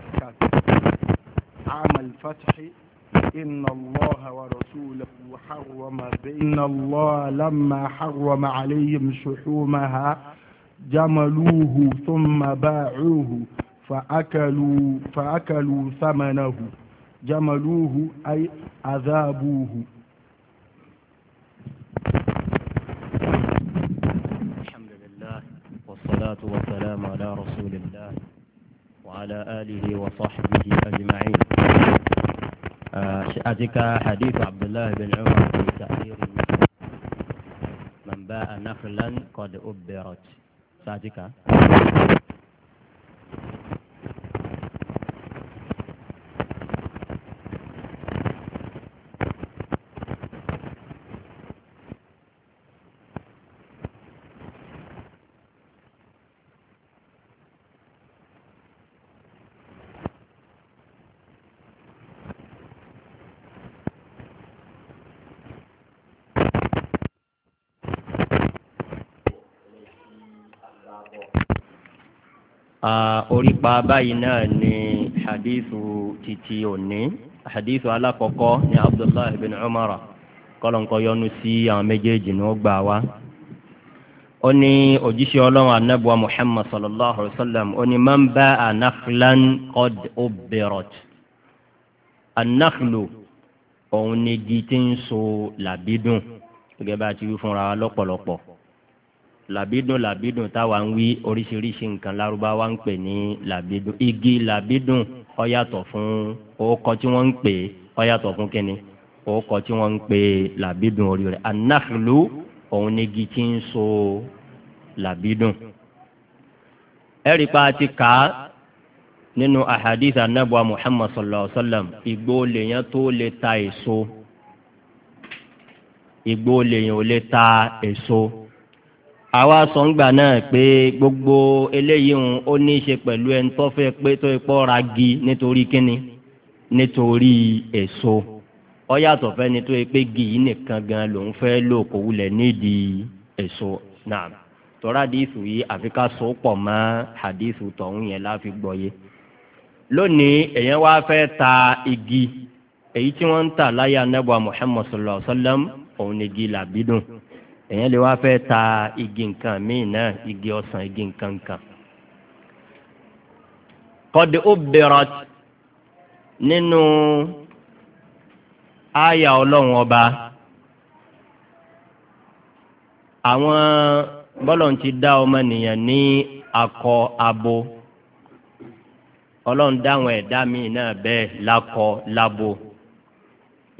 وبركاته عام الفتح إن الله ورسوله حرم بين الله لما حرم عليهم شحومها جملوه ثم باعوه فأكلوا, فأكلوا ثمنه جملوه أي أذابوه وعلى آله وصحبه أجمعين أتك آه، حديث عبد الله بن عمر في تأثير من باء نخلا قد أبرت ساتك àforípa báyìí náà ni hadithu titi òní hadithu alakọkọ ni abdullahi bin umar kọlọńkọ yọnu sí àwọn méjèèjì ní ó gbà wá ó ní òjíṣẹ́ ọlọ́run anábùwà muhammad sallallahu alayhi wa sallam ó ní man ba'a nakhlan qad ubbirat anakhlu òun ni igi tí ń so làbídùn gẹ́gẹ́ bá a ti wí fúnra lọ́pọ̀lọpọ̀ làbídùn làbídùn táwa ń wí oríṣiríṣi nǹkan lárúbáwá ń pè ní làbídùn igi làbídùn ó yàtọ̀ fún orúkọ tí wọ́n ń pè é ó yàtọ̀ fún kínní orúkọ tí wọ́n ń pè làbídùn orí rẹ̀ anáfìlú òun ni igi tí ń so làbídùn. ẹ̀rí pa ti kà á nínú ahadith anabuwa muhammad sallallahu alaihi wa sallam igbó lèèyàn tó lè ta èso igbó lèèyàn ò lè ta èso. E àwa sọ ńgbà náà pé gbogbo eléyìí ń ó ní í ṣe pẹ̀lú ẹni tó fẹ́ pé tó ipọ́ ra gi nítorí kíni nítorí èso ó yàtọ̀ fẹ́ni tó pé gi yìí nìkan gan lòún fẹ́ lò kó wulẹ̀ nídìí èso náà tọ́ra díìsù yìí àfi ká so pọ̀ mọ́ àdíìsù tọ̀hún yẹn láfi gbọ́ yé lónìí èyàn wá fẹ́ ta igi èyí tí wọ́n ń tà láyé anábọ̀ Muhammad sallallahu alaihi wasallam òun ni igi làbídùn. èyàn lè wá fẹ́ ta igi nǹkan míì náà igi ọ̀sán igi nǹkan kan. kọ́dé ó bẹ̀rọ̀ nínú àyà ọlọ́run ọba àwọn bọ́lọ̀n ti dá ọmọ ọmọnìyàn ní akọ abo ọlọ́run dáhùn ẹ̀dá míì náà bẹ́ẹ̀ lakọ labo. La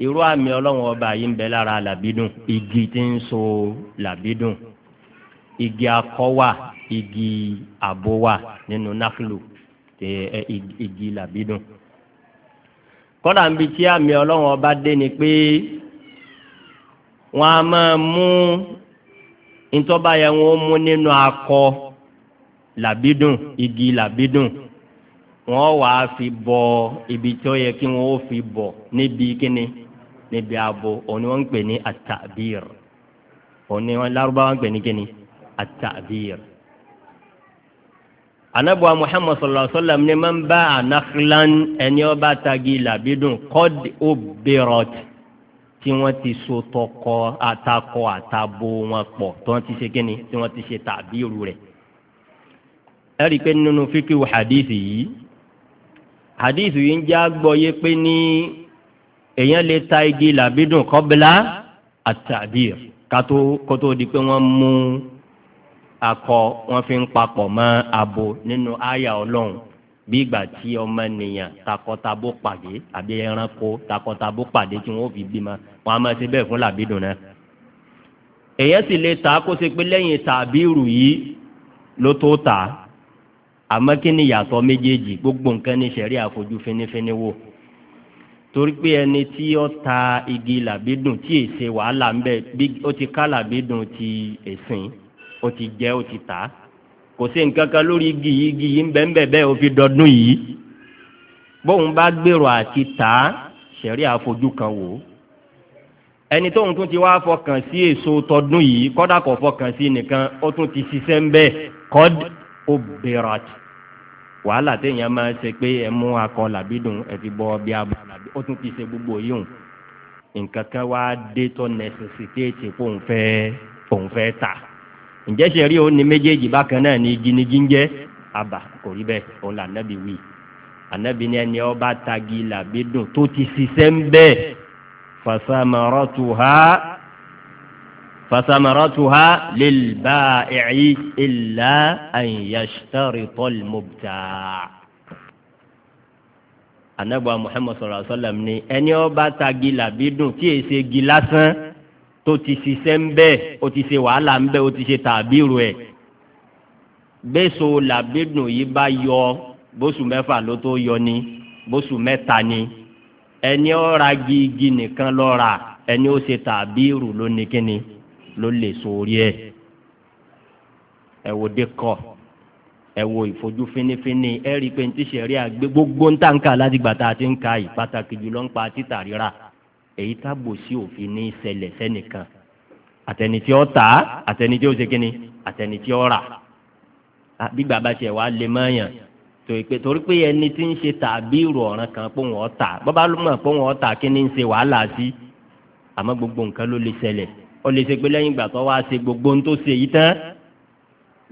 irú àmì ọlọ́run ọba yìí ń bẹ lára làbídùn igi tí ń so làbídùn igi akọ wà igi àbò wà nínú nákìlù tẹ ẹ igi làbídùn kọ́dà ń bi tí àmì ọlọ́run ọba dé ni pé wọ́n a máa mú ntọ́ba yẹn wọ́n mú nínú akọ làbídùn igi làbídùn wọ́n wàá fi bọ ibi tó yẹ kí wọ́n ó fi bọ níbi kíni níbi abo òun ni wọ́n ń pè ní at-ta'bir òun ni wọ́n lárúbáwá ń pè ní kíni at-ta'bir. anabuwa muhammad sallallahu alaihi wa sallam ni man ba'a nakhlan ẹni ó bá tagi làbídùn qad ubbirat tí wọ́n ti so tọkọ atakọ àtabo wọn pọ̀ tí wọ́n ti ṣe kíni tí wọ́n ti ṣe ta'biru rẹ̀ ẹ̀rí pé nínú fíkì hadithi yìí hadithi yìí ń já gbọ́ yé pé ní èèyàn lè ta igi làbídùn kọ́bílá àtàbír kátó kótó di pé wọ́n mú akọ wọ́n fi ń papọ̀ mọ́ abo nínú àyà ọlọ́run bí ìgbà tí ọmọ nìyàn takọtabo pàdé àbí ẹranko takọtabo pàdé tí wọ́n fi bímọ wọ́n á máa ṣe bẹ́ẹ̀ fún làbídùn náà èèyàn sì lè ta kó ṣe pé lẹ́yìn tàbírù yìí ló tó ta àmọ́ kí ni ìyàtọ̀ méjèèjì gbogbo nǹkan ní sẹ̀rí àfojú finifini wò torí pé ẹni tí ó ta igi làbídùn tí èsè wàhálà ń bẹ bí ó ti ká làbídùn ti èsìn ó ti jẹ ó ti tà kò sí nǹkan kan lórí igi yìí igi yìí ń bẹ ń bẹ bẹ́ẹ̀ ó fi dọdún yìí bóun bá gbèrò àti tà sẹ̀rí àfojú kan wò ó ẹni tóun tún ti wá fọkàn sí èso tọdún yìí kọ́dà kò fọkàn sí nìkan ó tún ti ṣiṣẹ́ ń bẹ́ẹ̀ kọ́d obìnrin wàhálà téèyàn máa ṣe pé ẹ mú akọ làbídùn ẹ fi bọ bí abọ làbí ó tún ti ṣe gbogbo yìí nǹkan kan wá dé tó nẹsẹsìtéètì kó òun fẹ́ òun fẹ́ tà ǹjẹ́ ṣe rí òun ní méjèèjì bákan náà ní igi ní jíjẹ́ àbà kò rí bẹ́ẹ̀ òun là nábì wí ànábì ní ẹni ọba tagi làbídùn tó ti ṣiṣẹ́ ń bẹ́ẹ̀ fàṣàmọ̀rọ̀ tù há فثمرتها للبائع إلا أن يشترط المبتاع anagba muhammed sọlọ sọlọm ni ẹni ọba ta gila bí dùn tí èsè gila sán tó ti ṣiṣẹ́ ń bẹ́ ó ti ṣe wàhálà ń bẹ́ ó ti ṣe tàbírù ẹ̀ gbèsò làbí dùn yìí bá yọ bóṣù mẹ́fà ló tó yọ ni bóṣù mẹ́ta ni ẹni ọ̀ra gigi nìkan lọ́ra ẹni ó ṣe tàbírù ló ní kíni ló lè sórí ẹ̀ ẹ wo dékọ̀ ẹ wo ìfojú fínífíní ẹ rí i pé ntí sẹ̀rí àgbẹ̀ gbogbo ń tàǹkà láti gbà tá a ti ń ka yìí pàtàkì jùlọ ń pa títà ríra èyí tábò sí òfin ní ṣẹlẹ̀ sẹ́nìkan àtẹni tí ó tà á àtẹni tí ó ṣe kínní àtẹni tí ó rà bí bàbá tiẹ̀ wá lè mọ́yàn torí pé ẹni tí ń ṣe tàbí ìrò ọ̀ràn kan pé wọ́n tà bọ́bá ló mọ̀ pé wọ́n tà kí ni ń ṣe wàhálà sí àmọ́ gbogbo nǹkan ló lè ṣẹlẹ̀ ó lè ṣe pé lẹ́yìn ìgbà tó wá ṣe gbogbo ohun tó ṣe yìí tán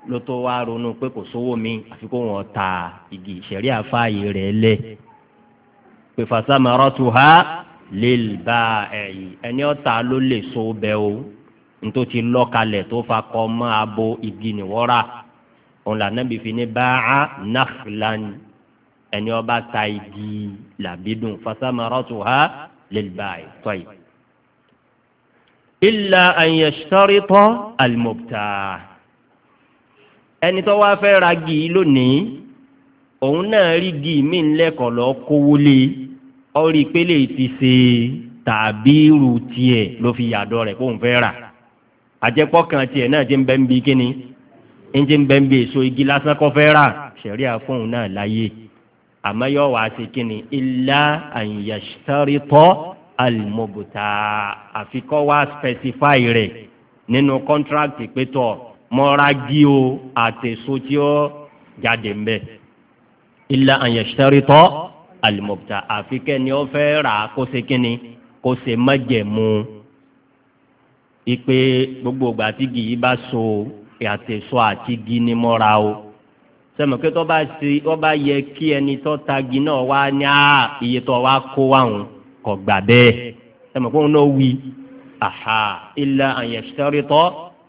ló tó wá ronú pé kò sówó mi àfi kó wọn ta igi ìṣẹ̀rí àfáàyè rẹ̀ lẹ̀ pé fasamaratu ha lil ba'i ẹni ọ̀tá ló lè so bẹ́ o ntó ti lọ́kalẹ̀ tó fa kọ́ mọ́ abo igi nìwọ́ra òun là nàbì fi ní báà nakhlan ẹni ó bá ta igi làbídùn fasamaratu ha lil ba'i tọ́yìí ilà àyẹ̀sọ́rítọ́ àlùmọ̀tà ẹni tó wá fẹ́ ra gì lónìí òun náà rí gì mí lẹ́kọ̀ọ́ lọ kówó lé ọrí pélé ti ṣe tàbí irú tiẹ̀ ló fi yàdọ̀ rẹ̀ kóun fẹ́ rà àjẹpọ̀ kan tiẹ̀ náà ti ń bẹ́ ń bi kíni ń ti ń bẹ́ ń bi èso igi lásán kọ́ fẹ́ rà ṣẹ̀ríà fóun náà láyé àmọ́ yóò wá ṣe kíni ilà àyẹ̀sọ́rítọ́ alimobuta àfikọ́ wa specify rẹ̀ nínú contract pétọ́ mọ́ragí o àtẹ̀só tí ó jáde ń bẹ̀ ilà àyẹ̀sẹ̀rìtọ́ alimobuta àfikẹ́ ni ó fẹ́ rà kó ṣe kínni kó ṣe májẹ̀mú ipe gbogbo ìgbà tí gìyí bá so àtẹ̀só àti gi ni mọ́ra o sẹ́mi pé tó bá yẹ kí ẹni tó tagi náà wá ní iye tó wá kó wá òun kò gbà bẹ́ẹ̀ ẹ mọ̀ pé òun náà wí aha ilà àyẹ̀sítọ́rìtọ́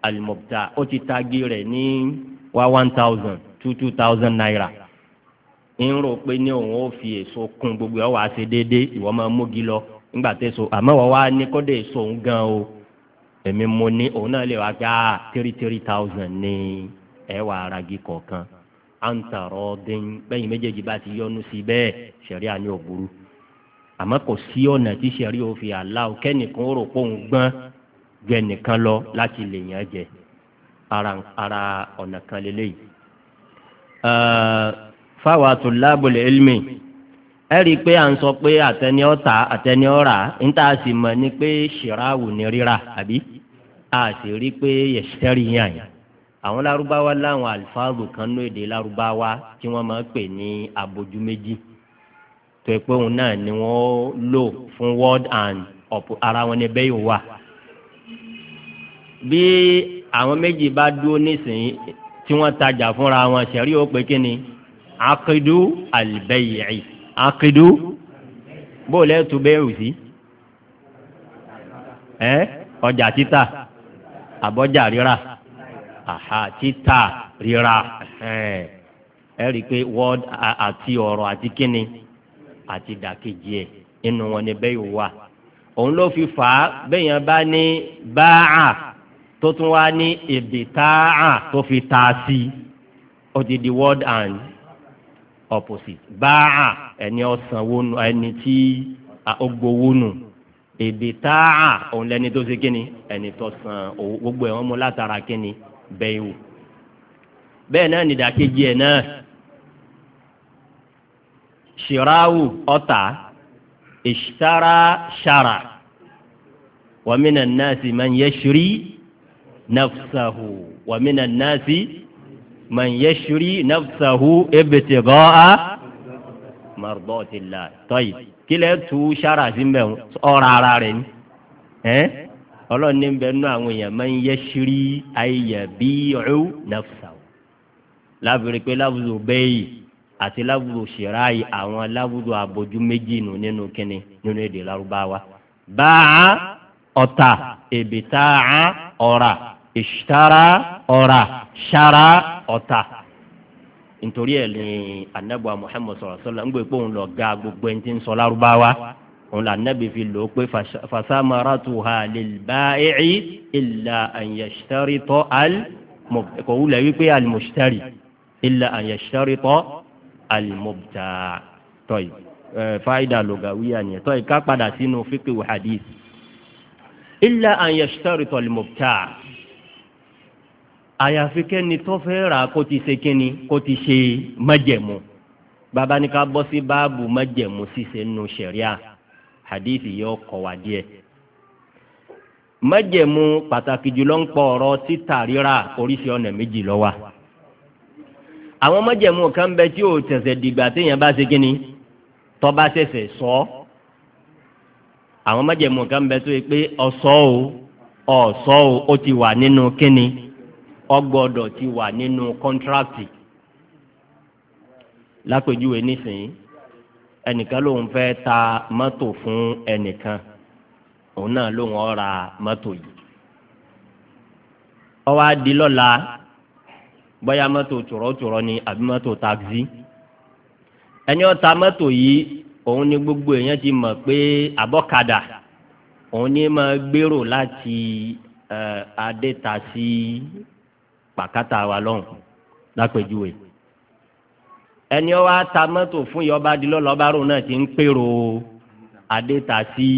àlùmọ̀tà ó ti tagi rẹ̀ ní wá one thousand two two thousand naira ń rò pé ní òun ó fi èso kún gbogbo ẹ̀ wá ṣe déédéé ìwọ máa mógi lọ nígbà tó so àmọ́ wọ́n wá ní kọ́dé èso òun gan o èmi mo ní òun náà lè wá gbá three three thousand ní ẹ̀wà aragi kọ̀ọ̀kan à ń tààrọ̀ dín bẹ́yìn méjèèjì bá ti yọnu sí bẹ́ẹ̀ sẹ̀ríà ní òbúrú àmọ́ kò sí ọ̀nà tí sẹ́rí òfin aláwọ̀ kẹ́nìkan ó rò pé òun gbọ́n ju ẹnìkan lọ láti lè yàn jẹ ara ọ̀nà kan lélẹ́yìí. fáwọn atúlábùl ilmi ẹ rí i pé à ń sọ pé àtẹni ọ̀tà àtẹni ọ̀rà ń tà sí mọ̀ ni pé ṣìráàwù ni rírà àbí a sì rí i pé yẹ̀sẹ̀rì yàn yàn àwọn lárúbáwá láwọn àlùfáàgù kan ní èdè lárúbáwá tí wọ́n máa ń pè ní abojú méjì tó pé òun náà ni wọ́n lò fún word and ọ̀pọ̀ ara wọn ni bẹ́ẹ̀ yóò wà. bí àwọn méjì bá dúró nísìnyí tí wọ́n tajà fúnra wọn ṣẹ̀rí ó pé kíni akidu alibẹ́yìí akidu bóòlù ẹ̀ tó bẹ́ẹ̀ sí ẹ ọjà títà àbọ̀jà rírà àhà títà rírà ẹ rí i pé word àti ọ̀rọ̀ àti ni àti dàkejì ẹ̀ inú wọn ni bẹ́ẹ̀ wà òun ló fi fà á bẹ́yàn bá ní báà tó tún wá ní ìbìtáà tó fi ta sí i ó ti di word and opposite báà ẹni ọ̀sánwó ẹni tí ó gbowó nù ìbìtáà òun lẹni tó ṣe kíni ẹni tó san gbogbo ẹ̀ wọ́n mú látara kíni bẹ́ẹ̀ wò bẹ́ẹ̀ náà nìdákejì ẹ̀ náà ṣìráwù ọ̀tà ìṣàrà ṣàrà wàmínà náàsì man yashri nafsahu wàmínà náàsì man yashri nafsahu ibtigha'a mardatillah tọ́yì kílẹ̀ tu ṣàrà sí mbẹ̀ ọ̀rọ̀ ara rẹ̀ ni ọlọ́ọ̀ni ń bẹ nú àwọn èèyàn man yashri ayyabi'u nafsahu lábìrì pé lábùzù bẹ́ẹ̀ yìí àti láwùjọ ṣìráàyè àwọn láwùjọ àbójú méjì nù nínú kínní nínú èdè lárúbáwá. báà ọ̀tà èbìtà ọ̀rà ìṣtara ọ̀rà ṣara ọ̀tà nítorí ẹ̀ ní anábọ̀ muhammed sọ̀rọ̀ sọ́la ń gbé pé òun lọ ga gbogbo ẹni tí ń sọ lárúbáwá òun là nábì fi lò ó pé fasamaratuha lilba'i illa an yashtarita al kò wúlẹ̀ wípé al mushtari illa an yashtarita alimobta tọ́yì ẹ̀ eh, fáyidà lọ́gàwíyà nìyẹn tọ́yì ká padà sínú fíkì wù hadith ilà àyẹ̀sítọ́rì tọ̀lìmọ̀tà àyàfi kẹ́ni tó fẹ́ rà kó ti ṣe kíni kó ti ṣe májẹ̀mú bàbá ní ká bọ́ sí báàbù májẹ̀mú ṣíṣe nù sẹ̀ríà hadithi yóò kọ́ wa díẹ̀ májẹ̀mú pàtàkì jùlọ ń pọ̀ ọ̀rọ̀ títà rírà oríṣi ọ̀nà méjì ló àwọn mọ́jẹ̀mú kan bẹ tí ò tẹ̀sẹ̀ dìgbà téèyàn bá ṣe kíni tó bá ṣẹ̀ṣẹ̀ sọ àwọn mọ́jẹ̀mú kan bẹ tó yẹ pé ọ̀sọ́ o ọ̀sọ́ o ó ti wà nínú kíni ọgbọ́dọ̀ ti wà nínú kọ́ńtrákìtì lápèjúwe nísìnyí ẹnìkan lòun fẹ́ ta mọ́tò fún ẹnìkan òun náà lòun ó ra mọ́tò yìí ó wá lọ́la bóyá mọ́tò tùrọ̀tùrọ̀ ni àbí mọ́tò táksì ẹni ó ta mọ́tò yìí òun ni gbogbo èèyàn ti mọ̀ pé àbọ̀kadà òun ni máa gbèrò láti adéta sí pàkátà wa lọ́hùn lápèjúwe ẹni ó wá ta mọ́tò fún yọba di lọ́lọ́bárò náà ti ń pèrò adéta sí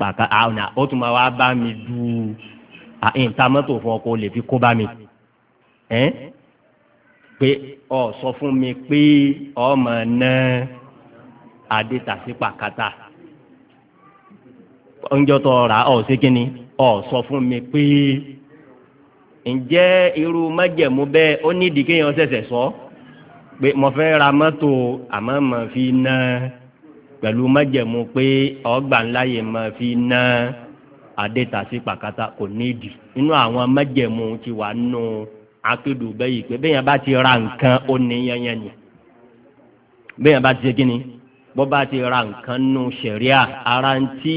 pàkátà àwọn ó tún máa wá bá mi du àìntà mọ́tò fún ọkọ̀ ó lè fi kó bá mi pé ọ sọ fún mi pé ọmọ náà adétàsí pàkátà oúnjẹ tó rà ọ sí kínní ọ sọ fún mi pé ǹjẹ́ irú májẹ̀mú bẹ́ẹ̀ ó nídìí kéèyàn ṣẹ̀ṣẹ̀ sọ pé mo fẹ́ ra mọ́tò àmọ́ mo fi ná pẹ̀lú májẹ̀mú pé ọgbà ńlá yẹn mo fi ná adétàsí pàkátà kò nídìí nínú àwọn májẹ̀mú ti wà nù. No akédù bẹ́ẹ̀ yìí pé bẹ́ẹ̀ yẹn bá ti ra nǹkan ó ní yẹnyẹn ni bẹ́ẹ̀ yẹn bá ti ṣe kí ni bọ́ bá ti ra nǹkan nù sẹ̀ríà ara ń tí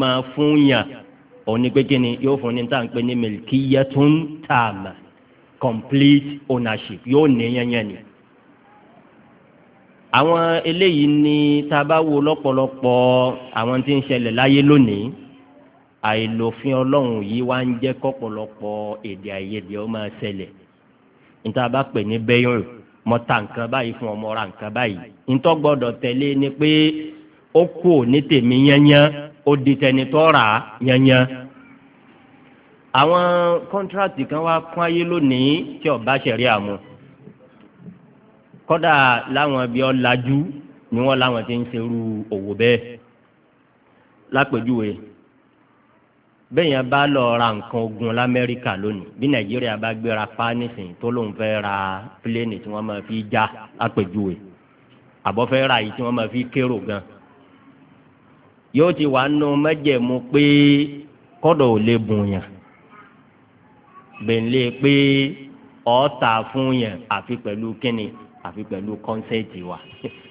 máa fún yàn òní pé kí ni yóò fún ní tá à ń pè ní milkiyatun tààmà complete ownership yóò ní yẹnyẹn ni àwọn eléyìí ni tá a bá wo lọ́pọ̀lọpọ̀ àwọn tí ń ṣẹlẹ̀ láyé lónìí àìlòfin ọlọ́run yìí wá ń jẹ́ kọ́pọ̀lọpọ̀ èdè àìyedè ó máa ṣẹlẹ̀ níta bá pè ní bẹ́yìn mo ta nǹkan báyìí fún ọmọ ra nǹkan báyìí nítọ́ gbọ́dọ̀ tẹ̀lé ni pé ó kù ní tèmi yányán ó di tẹni tó rà á yányán. àwọn kọ́ńtíráàtì kan wá kún ayé lónìí tí ọba ṣẹ̀rí àmú kọ́dà láwọn ibi ọ̀làjú ni wọ́n láwọn ti ń ṣerú òwò bẹ́ẹ̀ lápèjúwe. La bẹ́ẹ̀ yẹn bá lọ ra nǹkan ogun lamẹ́ríkà lónìí bí nàìjíríà bá gbéra pa nísìnyí tó lóun fẹ́ ra pílẹ́ẹ̀nì tí wọ́n máa fi já àpèjúwe àbọ̀ fẹ́ ra yìí tí wọ́n máa fi kérò gan yóò ti wà nù mẹ́jẹ̀mú pé kọ́dọ̀ ò lè bùn yàn bẹ̀ńlẹ̀ pé ọ̀ọ́ta fún yàn àfi pẹ̀lú kínni àfi pẹ̀lú kọ́nsẹ́ẹ̀tì wa.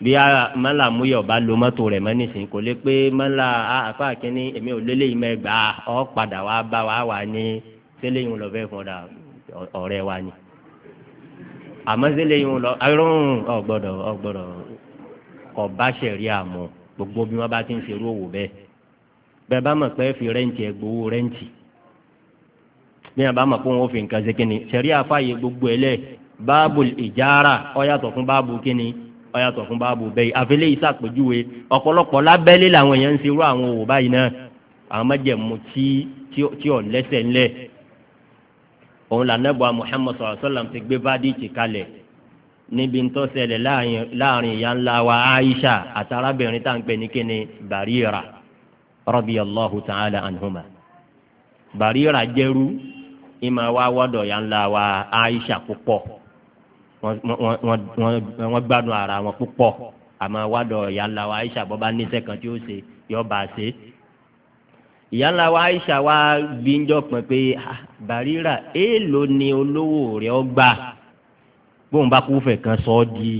bí a mọ́là múyọ̀ bá lo mọ́tò rẹ̀ mọ́ nísìnyí kò lè pé mọ́là àfa ah, kínní èmi ò lélẹ́yìn mẹ́gbà ọ́ padà wá bá wa wà ní sẹ́lẹ̀yìn lọ bẹ́ẹ̀ fọ́dà ọ̀rẹ́ wa ni àmọ́ sẹ́lẹ̀yìn lọ irun ọ̀gbọ́dọ̀ ọ̀gbọ́dọ̀ ọ̀bá ṣẹ̀rí àmọ́ gbogbo bí wọ́n bá ti ń ṣerú òwò bẹ́ẹ̀ bẹ́ẹ̀ bá mọ̀ pé fi rẹ́ǹtì ẹ̀ gbowó rẹ́ǹtì bí wọ́n bá mọ̀ pé wọ́n fi nǹkan ṣe kínní ṣẹ̀rí àfáàyè gbogbo ẹlẹ́ báàbù ìjára ó fún báàbù kínní ọyàtọ̀ fún báàbò bẹ́ẹ̀ àfẹlẹ́ yìí sàpèjúwe ọ̀pọ̀lọpọ̀ lábẹ́lé làwọn èèyàn ń ṣe irú àwọn òwò báyìí náà àwọn mẹ́jẹ̀mú tí ò lẹ́sẹ̀ ńlẹ̀ òun lànàbọ̀ Muhammad sallallahu alaihi wasallam ti gbé bádìtì kalẹ̀ níbi ń tó láàrin ìyá ńlá wa Aisha àtàrábìnrin tá à ń pè ní kíni Barira radiyallahu ta'ala anhuma Barira jẹ́rú ìmọ̀ wa wọ́dọ̀ ìyá ńlá wa Aisha púpọ̀ wọ́n gbádùn ara wọn púpọ̀ àmọ́ wádọ̀ ìyáńlá wa Aisha bọ́ bá níṣẹ́ kan tí ó ṣe yọ bá a ṣe. ìyáńlá wa Aisha wa gbíjọ pọ̀ pé Bàrírà èèlò ni olówó rẹ̀ ọ gbà bóun bá kúfẹ̀ kan sọ ọ́ di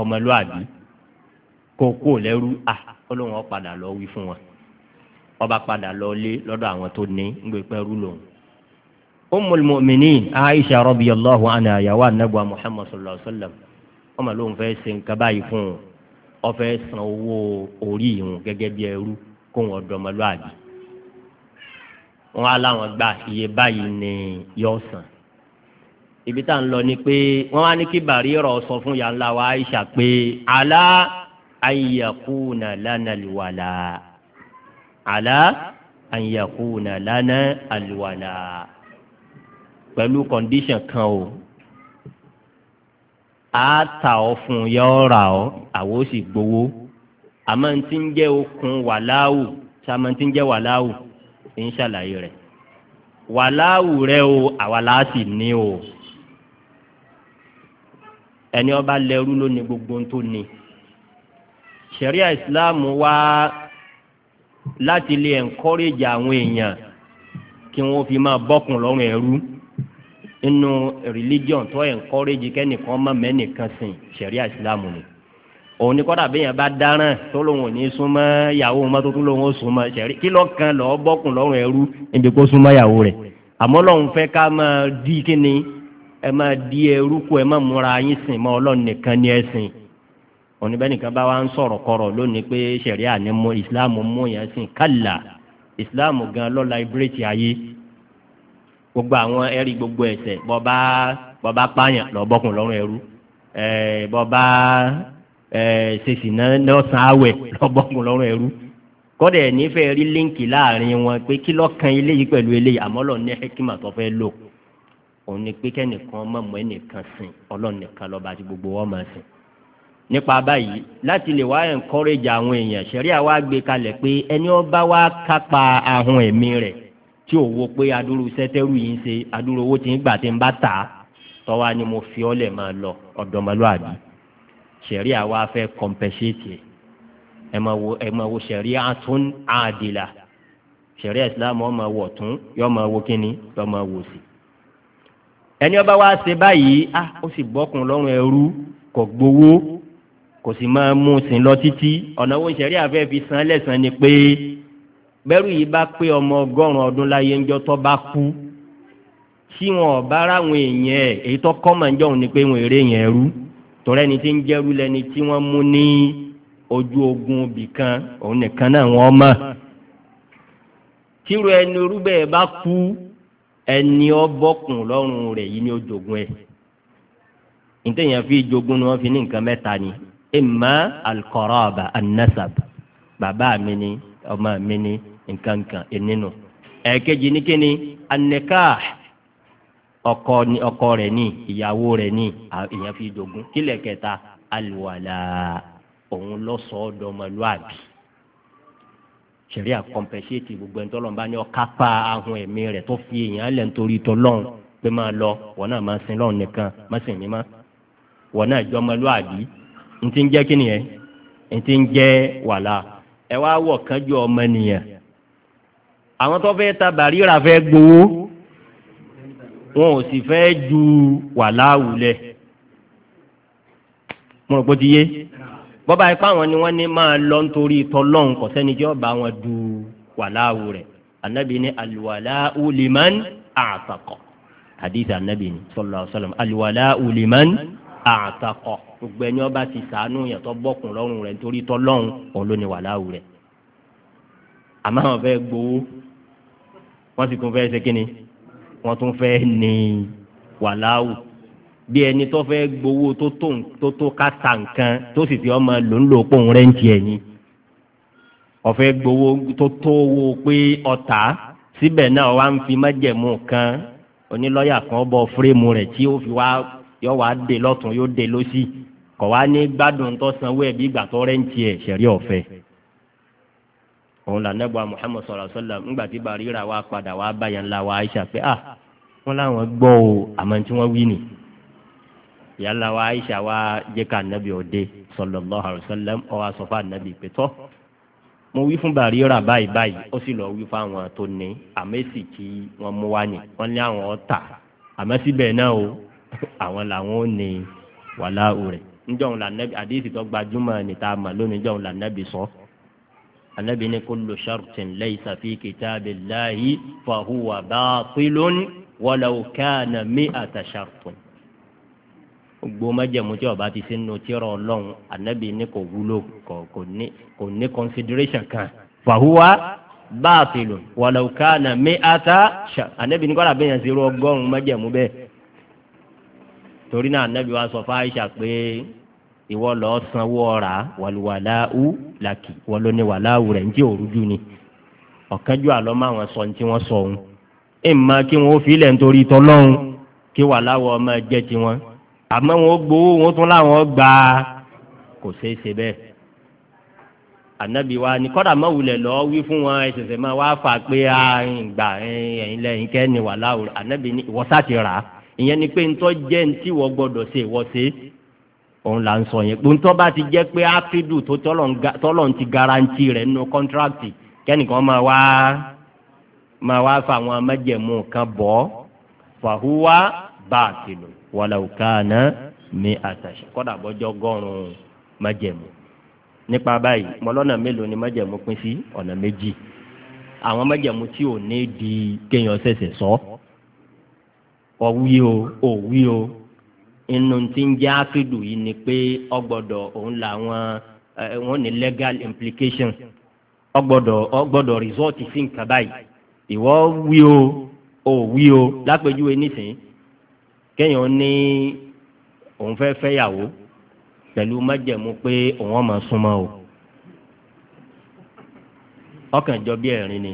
ọmọlúàbí kó kó lẹ́rú à ọlọ́run ó padà lọ wí fún wọn ọba padà lọ lé lọ́dọ̀ àwọn tó ní ń gbé pẹ́rú lòun ummul mu'minin aisha radiyallahu anha ìyàwó anabu muhammad sallallahu alaihi wa sallam ọmọ ló ń fẹ́ ṣe nǹkan báyìí fún un ó fẹ́ san owó orí ìhun gẹ́gẹ́ bí ẹrú kó wọn dọmọlúwàbí wọn á láwọn gbà iye báyìí ni yóò san ibi tá à ń lọ ni pé wọn wá ní kí bàrírọ sọ fún ya ńlá wa aisha pé alá ayakuna lana liwala alá ayakuna lana aliwala pẹ̀lú condition kan o a ta ọ fún yọ ra ọ àwọn ó sì gbowó àmọ́ ní ti ń jẹ́ okun wàláwù sàmọ́ ní ti ń jẹ́ wàláwù ń ṣàlàyé rẹ̀ wàláwù rẹ o àwa la sì ní o ẹni ọba lẹ́rú ló ní gbogbo tó ní ṣẹ̀ríà ìsìláàmù wá láti lè encourage àwọn èèyàn kí wọ́n fi máa bọ́kùn lọ́rùn ẹrú. E Inu religion tó encourage kẹ́nìkan má mẹ́nìkan sìn ṣẹ̀ríà ìsìlámù ni òun ni kọ́dà bẹ́ẹ̀ yẹn bá dáràn tó lóun ò ní súnmọ́ ìyàwó wọn tó tún lóun ó súnmọ́ ṣẹ̀rí kí lọ́kàn lọ́ọ́ bọ́kùn lọ́rùn ẹrú níbi kó súnmọ́ ìyàwó rẹ̀ àmọ́ lọ́hùn fẹ́ ká máa di kíni ẹ máa di ẹrú kó ẹ má múra yín sìn mọ́ ọlọ́run nìkan ni ẹ sìn oníbẹ́nìkan bá wa ń sọ̀rọ̀ kọ̀rọ̀ lónìí pé ṣẹ̀ríà ni mo ìsìláàmù mú yẹn sìn kálà ìsìláàmù gan lọ́la ibrétì ayé gbogbo àwọn ẹ̀rí gbogbo ẹ̀ṣẹ̀ bọ́ba bọ́ba pààyàn lọ́bọ̀kùn lọ́rùn ẹrú bọ́ba ṣèṣì lọ́sàn áwẹ̀ lọ́bọ̀kùn lọ́rùn ẹrú kọ́dà ẹ̀ nífẹ̀ẹ́ rí líǹkì láàrin wọn pé kí lọ́kàn eléyìí pẹ̀lú eléyìí àmọ́ lọ ní hekima tó fẹ́ lò òun ni pé kẹ́nìkan mọ̀mọ́ ẹnìkan sìn ọlọ́run nìkan lọ́ba àti gbogbo wọn máa sìn nípa báyìí láti lè wá encourage àwọn èèyàn ṣẹ̀rí àwa gbé kalẹ̀ pé ẹni ó bá wá kápá ahun ẹ̀mí rẹ̀ tí ò wo pé adúrú sẹ́tẹ́rù yìí ń ṣe adúrú owó tí ń gbà tí ń bá tà á tọ́wá ni mo fi ọ́lẹ̀ máa lọ ọ̀dọ́mọlúàbí ṣẹ̀rí àwa fẹ́ kọ̀mpẹ́ṣẹ́tì ẹ̀ máa wo ẹ̀ máa wo ṣẹ̀rí àtún àdìlà ṣẹ̀rí ìsìlámù ó máa wọ̀ tún yó máa wo kíni yó máa wò sí. ẹni ó bá ṣe báyìí ó sì bọ́kùn lọ́rùn ẹrú kò gbowó kò sì máa mú un lọ títí ọ̀nà owó ṣẹ̀rí àfẹ́ fi san lẹ́sàn ni pé bẹ́rù yìí bá pé ọmọ ọgọ́rùn-ún ọdún láyé ńjọ́ tó bá kú tí wọn ò bá ráwọn èèyàn ẹ̀ èyí tó kọ́ mọ̀ ńjọ́ òun ni pé wọn èrè yẹn rú torí ẹni tí ń jẹ́rú lẹni tí wọ́n mú ní ojú ogun ibì kan òun nìkan náà wọ́n mọ̀ tíru ẹni rúbẹ̀ bá kú ẹni ọbọ̀kùn lọ́rùn rẹ̀ yìí ni ó jogun ẹ̀ ntẹ̀yìn fi jogun ni wọ́n fi ní nǹkan mẹ́ta ni imma al-qaraba bàbá mi ni ọmọ mi ni nǹkan kan nínú. ẹ̀ẹ̀kejì ní kíni anẹ́ká ọkọ ni ọkọ rẹ̀ ni ìyàwó rẹ̀ ni ìyẹn fi dogun kílẹ̀ kẹta alùwàlà òun lọ́sọ̀ọ́ dọmọlúàbí sẹ̀ríà kọ̀mpẹ́sẹ̀tì gbogbo ẹ̀ tọ́lọ́mùbá ni ọ̀ká pa ahun ẹ̀mí rẹ̀ tó fi èèyàn lẹ̀ nítorí tọ́lọ́hún pé máa lọ wọn náà máa sin lọ́hún nìkan má sìn mí má wọn náà jọ ọmọlúàbí ń jẹ́ kí nìyẹn n ń jẹ́ wàhálà ẹ wá wọ̀ kánjú ọmọ nìyẹn àwọn tó fẹ́ ta bàríra fẹ́ gbowó wọn ò sì fẹ́ ju wàláwù lẹ̀ mo rò pé ti yé bọ́bá ipá wọn ni wọ́n ní máa lọ nítorí tọ́lọ́hún kò sẹ́ni tí ọba wọn du wàláwù rẹ̀ anabi ni alwala'u liman a'taqa hadith anabi ni sallallahu alaihi wasallam alwala'u liman gbogbo ẹni ọba ti sànú yàtọ̀ bọ́kùn lọ́rùn rẹ̀ nítorí tọ́lọ́hún òun wàláwù rẹ̀ àmọ́ àwọn fẹ́ gbowó wọ́n sì tún fẹ́ ṣe kínni wọ́n tún fẹ́ ní wàláwù bí ẹni tó fẹ́ gbowó tó tó tó tó ká ta nǹkan tó sì fi ọmọ lò ń lò pọ̀ ń rẹ́ǹtì ẹ̀ ni ọ̀fẹ́ gbowó tó tó wo pé ọ̀tá síbẹ̀ náà wá ń fi májẹ̀mú kan onílọ́yà kan bọ fúrémù rẹ̀ tí ó fi wá yọ wá dé lọ́tún yóò dé lọ́sì kọ̀ wá ní gbádùn tó sanwó ẹ̀ bí ìgbà tó rẹ́ǹtì ẹ̀ ṣẹ̀rí ọ̀fẹ́ òun là nẹ́bọ̀ Muhammad sọ̀rọ̀ sọ́lá ńgbà tí bàrírà wa padà wá báyà ńlá wa Aisha pé ah wọ́n láwọn gbọ́ o àmọ́ tí wọ́n wí nì yàrá wa Aisha wa jẹ́ ká nẹ́bí òde sallallahu alaihi wasallam ọ wa sọ fún ànẹ́bí pé tọ́ mo wí fún bàrírà báyìí báyìí ó sì lọ wí fún àwọn tó ní àmẹ́sì kí wọ́n mú wá nì wọ́n ní àwọn ọ̀tà àmẹ́sì bẹ́ẹ̀ náà o àwọn làwọn ò ní wàhálà rẹ̀ ńjọ́ òun là nẹ́bí tó gbajúmọ̀ níta mà lónìí ńjọ́ òun anabi ni kullu shartin laysa fi kitabillahi fahuwa baatilun walaw kana mi'ata shartin. gbogbo májẹ̀mú tí ọba ti sínú tírà Ọlọ́run anabi ni kò wúlò kò ní kò ní consideration kan fahuwa baatilun walaw kana mi'ata shartin. anabi ni kọ́ra bẹ́ẹ̀ yẹn zero ọgọ́rùn-ún májẹ̀mú bẹ́ẹ̀ torí náà anabi wa sọ fún Aisha pé ìwọ lọ sanwó ọ̀rà wàlúwàláwù làkì wọ́n ló ní wàláwù rẹ̀ ń jẹ́ òrújú ni ọ̀kánjú àlọ́ máa wọn sọ ní tí wọ́n sọ òun ẹ̀ máa kí wọ́n fi ilẹ̀ nítorí tọ́lọ́run kí wàláwù ọmọ jẹ́ tiwọn àmọ́ wọn gbowó wọn tún láwọn gbà á kò ṣeé ṣe bẹ́ẹ̀ ànábì wa ni kọ́dà má wulẹ̀ lọ wí fún wọn ẹ̀sẹ̀sẹ̀ máa wá fà pé a ah, gbà ẹ̀yìn lẹ́yìn kẹ́ ni wàláwù ànábì ni ìwọ́sà ti rà á ìyẹn ni pé ntọ́ jẹ́ ntí wọ́n gbọ́dọ̀ ṣe ìwọ́sẹ̀ òun là ń sọ yẹn gbóńtọ́ bá ti jẹ́ pé ápídù tó tọ́lọ̀ ń ti garanti rẹ̀ nínú kọ́ńtrákìtì kẹ́nìkan máa wá máa wá fa àwọn amájẹ̀mú kan bọ́ fàhùwà báàtìlù walau kana mi àtàṣe kọ́dà bọ́jọ́ gọ́rùn-ún májẹ̀mú nípa báyìí mọ́lọ́nà mélòó ni májẹ̀mú pín sí ọ̀nà méjì àwọn májẹ̀mú tí ò ní di kéèyàn ṣẹ̀ṣẹ̀ sọ ọ̀wí o òwí o inú tí ń jẹ́ ákídù yìí ni pé ọgbọ́dọ̀ òun làwọn wọn ní legal implication ọgbọ́dọ̀ ọgbọ́dọ̀ resort sí nǹkan báyìí ìwọ wí o ò wí o lápèjúwe nísìnyí kéèyàn ní òun fẹ́ fẹ́yàwó pẹ̀lú májẹ̀mú pé òun ọmọ súnmọ́ o ọkàn jọ bí ẹ̀rín ni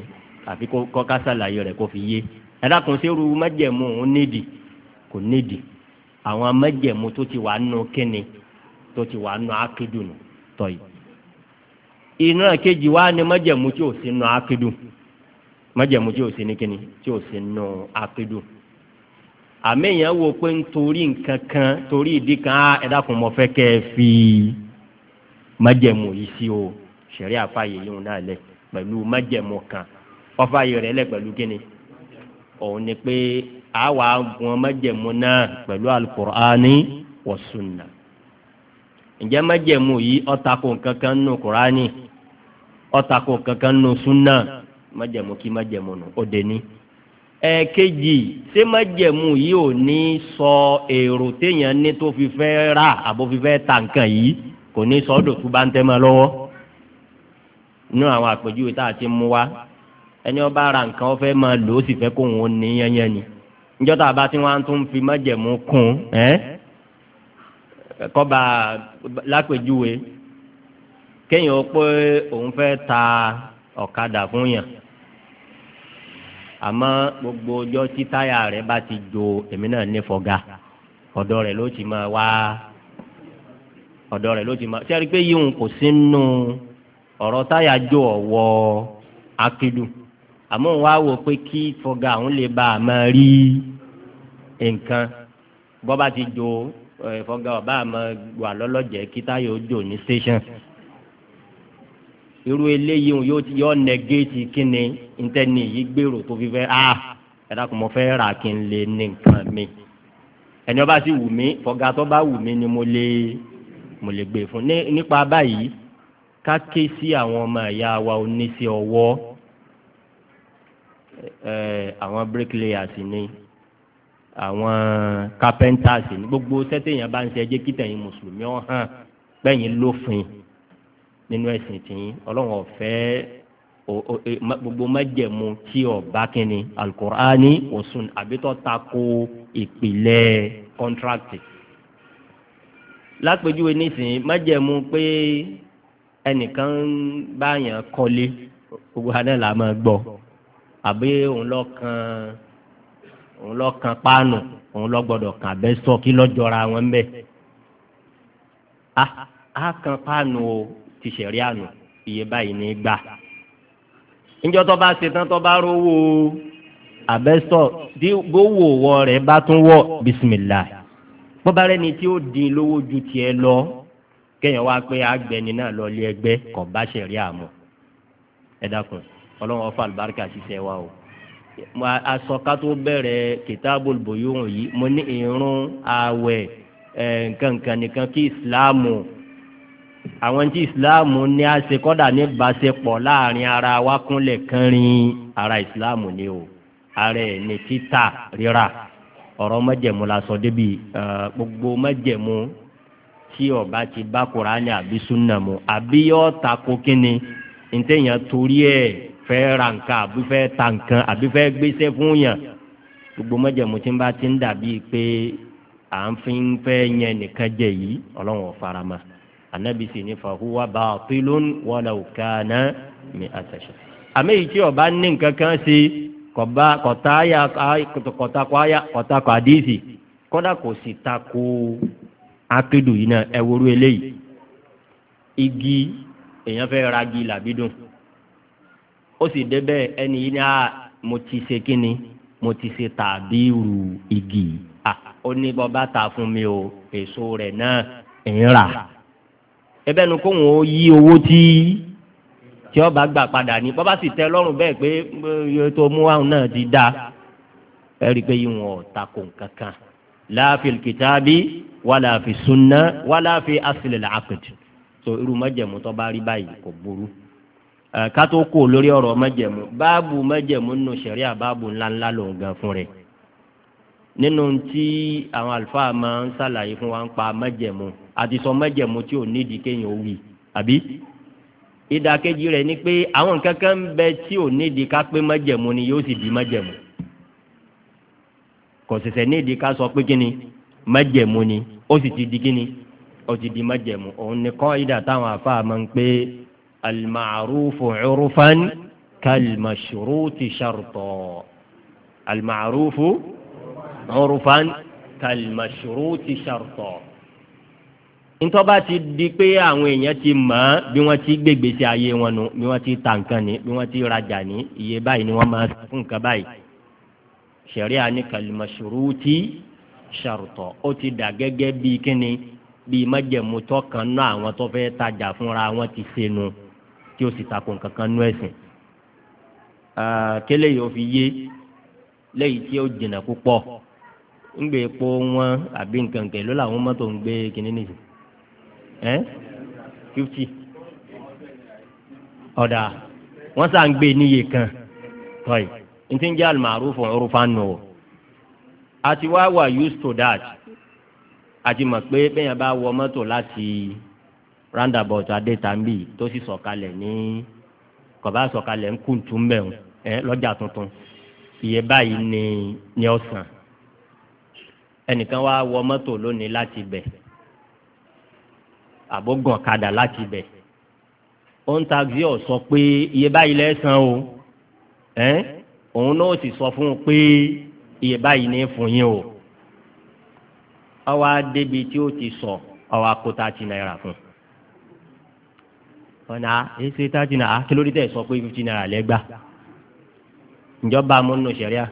àfi kó kọ́ká rẹ̀ kó fi yé ẹ dákun sí irú májẹ̀mú òun nídìí kò nídìí àwọn amẹ́jẹ̀mú tó ti wà nù kíni tó ti wà nù ákídùnù tọ̀yì iná kejì wá ní mẹ́jẹ̀mú tí ò sí nù ákídùn mẹ́jẹ̀mú tí ò sí ní kíni tí ò sí nù ákídùn àmì yẹn wo pé nítorí nǹkan kan torí ìdí kan á ah, ẹ̀dá fún mọ́ fẹ́ kẹ́ ẹ fi mẹ́jẹ̀mú yìí sí o ṣẹ̀rí àfààyè yìí náà lẹ̀ pẹ̀lú mẹ́jẹ̀mú kan ọ̀fààyè rẹ̀ lẹ̀ pẹ̀lú kíni òun ni pé àwa gun májẹ̀mú náà pẹ̀lú alukur'ani wa sunna ǹjẹ́ májẹ̀mú yìí ó tako kankan nù kur'ani ó tako kankan nù sunna májẹ̀mú kí májẹ̀mú nù ó dẹni. ẹ̀ẹ̀kejì ṣé májẹ̀mú yìí ò ní sọ èrò téèyàn ní tó fi fẹ́ rà àbó fi fẹ́ ta nǹkan yìí kò ní sọ ọ́ dòtú bá ń tẹ́ mọ́ lọ́wọ́ nínú àwọn àpèjúwe tá a ti mú wa ẹni ó bá nǹkan ó fẹ́ máa lò ó sì fẹ́ kóun ó ní yányán njọ́ta bá tí wọ́n tún fi májẹ̀mú kún ẹ́ kọ́ba lápèjúwe kéèyàn ó pé òun fẹ́ ta ọ̀kadà fún yàn àmọ́ gbogbo ọjọ́ tí táyà rẹ̀ bá ti jo èmi náà ní fọ̀gà ọ̀dọ̀ rẹ̀ ló ti máa wá ọ̀dọ̀ rẹ̀ ló ti máa ṣé ẹ rí i pé yíyún kò sínú ọ̀rọ̀ táyà jo ọ̀wọ́ akídùn àmọ́ òun wá wò pé kí fọgá òun lè ba a máa rí nǹkan bọ́ ti jò fọgá ọba àmọ́ wà lọ́lọ́jẹ́ kí táyà jò ní station irú eléyìí òun yóò ti yọ nẹgẹ́tì kíni ntẹ́ni yìí gbèrò tó fi fẹ́ a ah, ẹ̀dá kò mọ fẹ́ rà kí n lè ní nǹkan mi ẹni ọba sì wù mí fọgá tó bá wù mí ni mo lè mo lè gbé fún nípa báyìí ká ké sí àwọn ọmọ ẹ̀yà wa oníṣẹ́ ọwọ́ àwọn bricklayers ni àwọn carpenters ni gbogbo sẹ́tẹ̀yìn bá ń ṣe ẹjẹ́ kìtẹ̀yìn mùsùlùmí ọ̀ hàn bẹ́yìn lófin nínú ẹ̀sìn tìyín ọlọ́run ọ̀fẹ́ e, gbogbo májẹ̀mú tí ọba kínní alukur'ani osun àbítọ́ tako ìpìlẹ̀ kọ́ntrákìtì lápèjúwe nísìnyí májẹ̀mú pé ẹnìkan báyàn kọ́lé gbogbo àná là máa gbọ́ àbí òun lọ kan òun lọ kan páànù òun lọ gbọ́dọ̀ kàn abẹ sọ kí lọjọra wọn bẹ a kan páànù o ti sẹrí àná iye báyìí ní gbà níjọ́ tó bá ṣetán tó bá rówó àbẹsọ bí gbówó wọ rẹ bá tún wọ bisimilahi bọ́bá ni tí ó dín lówó ju tiẹ̀ lọ kéèyàn wá pé àgbẹni náà lọ lé ẹgbẹ́ kọ̀ bá sẹ̀rí àmọ́ ẹ dákun ọlọ́run ọfà àlùbáríkà ṣiṣẹ́ wa o asọ̀ká tó bẹ̀rẹ̀ kìtàbùl bòyóhùn yìí mo ní ìrun ààwẹ̀ nkankan nìkan kí ìsìláàmù àwọn tí ìsìláàmù ní a ṣe kọ́dà ní ìbáṣepọ̀ láàrin ara wa kúnlẹ̀ kánrin ara ìsìláàmù ni o ara ẹ̀ ní títà rírà ọ̀rọ̀ mẹ́jẹ̀mú la sọ débi gbogbo mẹ́jẹ̀mú tí ọba ti bá Kùránì àbí súnà mu àbí yóò ta ko kíni ntẹ̀yìn torí ẹ̀ fẹ́ ra nǹkan àbí fẹ́ ta nǹkan àbí fẹ́ gbéṣẹ́ fún yàn gbogbo mọ́jẹ̀mú tí ń bá ti ń dàbí pé à ń fi ń fẹ́ yẹn nìkan jẹ yìí ọlọ́run ò fara mọ́ anabi sì ní fahuwa baatilun walau kana mi àtẹ̀sẹ̀. àmì èyí tí ọba ní nǹkan kan ṣe kọba kọtaaya kọtakọ aya kọtakọ àdìsí kọ́dà kò sì takò akédù yìí náà ẹ eléyìí igi èèyàn fẹ́ ragi làbídùn ó sì débẹ̀ ẹni yìí ni a ah, mo ti ṣe kíni mo ti ṣe tàbí rù igi a ah, ó ní bọ́bá ta fún mi o èso rẹ̀ náà ń rà ẹbẹ́ nu kóhùn ó yí owó tí tí ó bá gbà padà ní bọ́bá sì tẹ lọ́rùn bẹ́ẹ̀ pé iye tó mú àwọn náà ti dá ẹ rí i pé ìwọ̀n ọ̀ta kò kankan láàfin kìtàbí wàlàfin sunna wàlàfin asilẹ̀ làákùtù so irú mọ́jẹ̀mú tó bá rí báyìí kò burú kátó kó lórí ọ̀rọ̀ májẹ̀mú báàbù májẹ̀mú nù sẹ̀ríà báàbù ńláńlá lòun gan fún rẹ̀ nínú tí àwọn àlùfáà máa ń ṣàlàyé fún wa ń pa májẹ̀mú àti sọ májẹ̀mú tí ò nídìí kéèyàn ó wí àbí ìdàkejì rẹ̀ ni pé àwọn nǹkan kan ń bẹ tí ò nídìí ká pé májẹ̀mú ni yóò sì di májẹ̀mú kò ṣẹ̀ṣẹ̀ nídìí ká sọ pé kíni májẹ̀mú ni ó sì ti di kíni ó ti di májẹ̀mú òun nìkan ìdà táwọn àfáà máa ń pé المعروف عرفا كالمشروط شرطا المعروف عرفا كالمشروط شرطا ntọ́ bá ti di pé àwọn èèyàn ti mọ̀ ọ́ bí wọ́n ti gbé gbèsè ayé wọn nù bí wọ́n ti ta nǹkan ní bí wọ́n ti rajà ní iye báyìí ni wọ́n máa fún nǹkan báyìí ṣẹ̀ríà ní kalimashuruti ṣàrùtọ̀ ó ti dà gẹ́gẹ́ bíi kíni bíi májẹ̀mú tọ́kan náà àwọn tó fẹ́ tajà fúnra wọn ti ṣe nu kí o sì takò nǹkan kan nú ẹ̀sìn kélé yìí ó fi yé lẹ́yìn tí ó jìnnà púpọ̀ ń gbé epo wọn àbí nǹkan kẹ̀ ló làwọn mọ́tò ń gbé kínní nìyí ẹ́ fifty ọ̀dà wọ́n sá ń gbé níye kan tọ́yì n ti ń jẹ́ àlùmọ́rù fún orúfà o àti wá wà used to that àti mọ̀ pé bẹ́ẹ̀ bá wọ mọ́tò láti roundabout adétàmbì tó sì sọ̀kalẹ̀ ní kọ̀bá sọ̀kalẹ̀ ń kùntù mẹ́rin ẹ lọ́jà tuntun iye báyìí ni ni ó sàn ẹnìkan wá wọ mọ́tò lónìí láti bẹ̀ àbógàn kadà láti bẹ̀ ó ń taxi ọ̀ sọ pé iye báyìí lẹ́sàn o ẹ́ òun náà sì sọ fún un pé iye báyìí ní fún yín o ọwọ́ adébi tí ó ti sọ ọwọ́ akóta ti náírà fún un ọ̀nà èsì tájì náà ah, kílódé tẹ̀ sọ pé fifty naira lẹ́gbà ìjọba amúnú sẹ̀ríà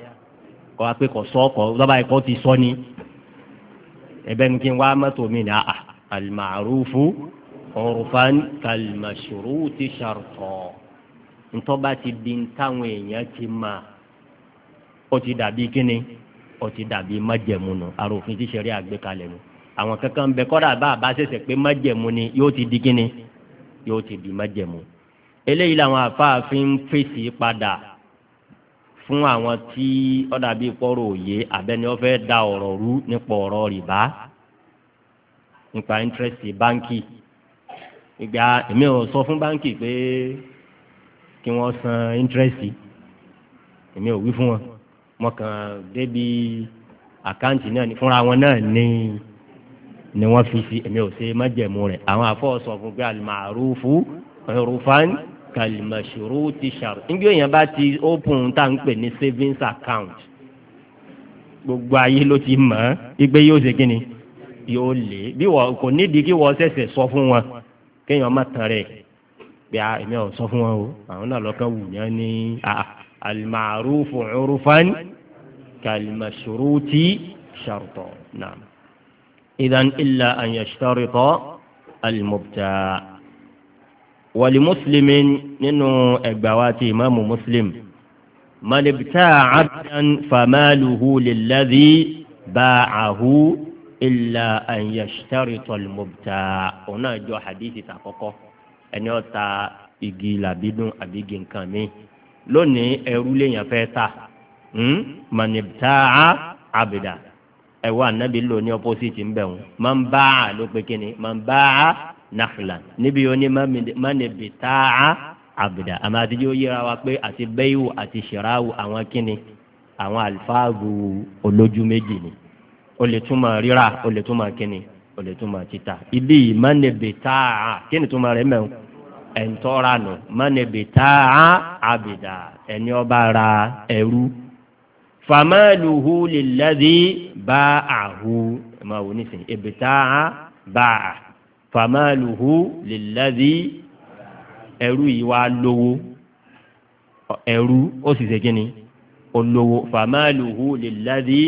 kọ́ wa pé kò sọ ọkọ̀ lọ́ba ẹ̀kọ́ ti sọ ni ẹ̀bẹ̀ ni kí n wá mọ́tò mi ní àà ah, àlùmàrúfù ọ̀rùfán kàlùmàṣòro ti ṣàrùtọ̀ ntọ́ba ti di táwọn èèyàn ti mà ó ti dàbí kíni ó ti dàbí májẹ̀mú nu ti sẹ̀ríà gbé kalẹ̀ nu àwọn kankan bẹ kọ́dà bá a bá ṣẹ̀ṣẹ̀ pé májẹ̀mú yóò ti di kíni yóò ti di májẹ̀mú eléyìí làwọn àfáàfin ń fèsì padà fún àwọn tí ọ̀dà bíi pọ́rọ̀ òye abẹ́ni wọ́n fẹ́ da ọ̀rọ̀ rú nípa ọ̀rọ̀ rìbá nípa interest báńkì ìgbà èmi ò sọ fún báńkì pé kí wọ́n san interest èmi ò wí fún wọn mo débi àkáǹtì náà fúnra wọn náà ní. Ni ni wọ́n fi sí èmi ò ṣe májẹ̀mú rẹ̀ àwọn afọ́sọ fún pé alimarufu rufan kalimashuru ti ṣàrò nígbà èèyàn bá ti open tá à ń pè ní savings account gbogbo ayé ló ti mọ̀ ọ́ igbe yóò ṣe kíni yóò lè bí wọ́n kò nídìí kí wọ́n ṣẹ̀ṣẹ̀ sọ fún wọn kéèyàn má tán rẹ̀ pé èmi ò sọ fún wọn o àwọn náà lọ́kàn wù yẹn ní alimarufu rufan kalimashuru ti ṣàrò tọ̀ náà. إذن إلا أن يشترط المبتاع ولمسلم ننو إقباوات إمام مسلم من ابتاع عبدا فماله للذي باعه إلا أن يشترط المبتاع هنا جو حديث تقوقه أن يوتا igi làbídùn àbí igi nǹkan mi lónìí ẹrú lèèyàn عبدا ẹ̀wọ́ ànábì lò ní opposite ń bẹ̀ wọn máa ń bá a ló pé kíni máa ń bá a nàfìlà níbi yóò ní má ní bi tá a àbùdá àmọ́ àti yóò yíra wa pé àti bẹ́yìwò àti ṣìráwò àwọn kíni àwọn àlùfáàgù olójú méjì ni o lè túmọ̀ rírà o lè túmọ̀ kíni o lè túmọ̀ títà ibi yìí má ní bi tá a kíni túmọ̀ rẹ̀ mẹ́wọ̀n ẹ̀ńtọ́ra nù má ní bi tá àbùdá ẹni ọba ra ẹrú fàmáàlùhù lèlẹ́dí bá àhù ẹ máa wò nísìnyí èbìtá bá a fàmáàlùhù lèlẹ́dí ẹrú yìí wá lówó ẹrú ó sì ṣe kí ni olówó fàmáàlùhù lèlẹ́dí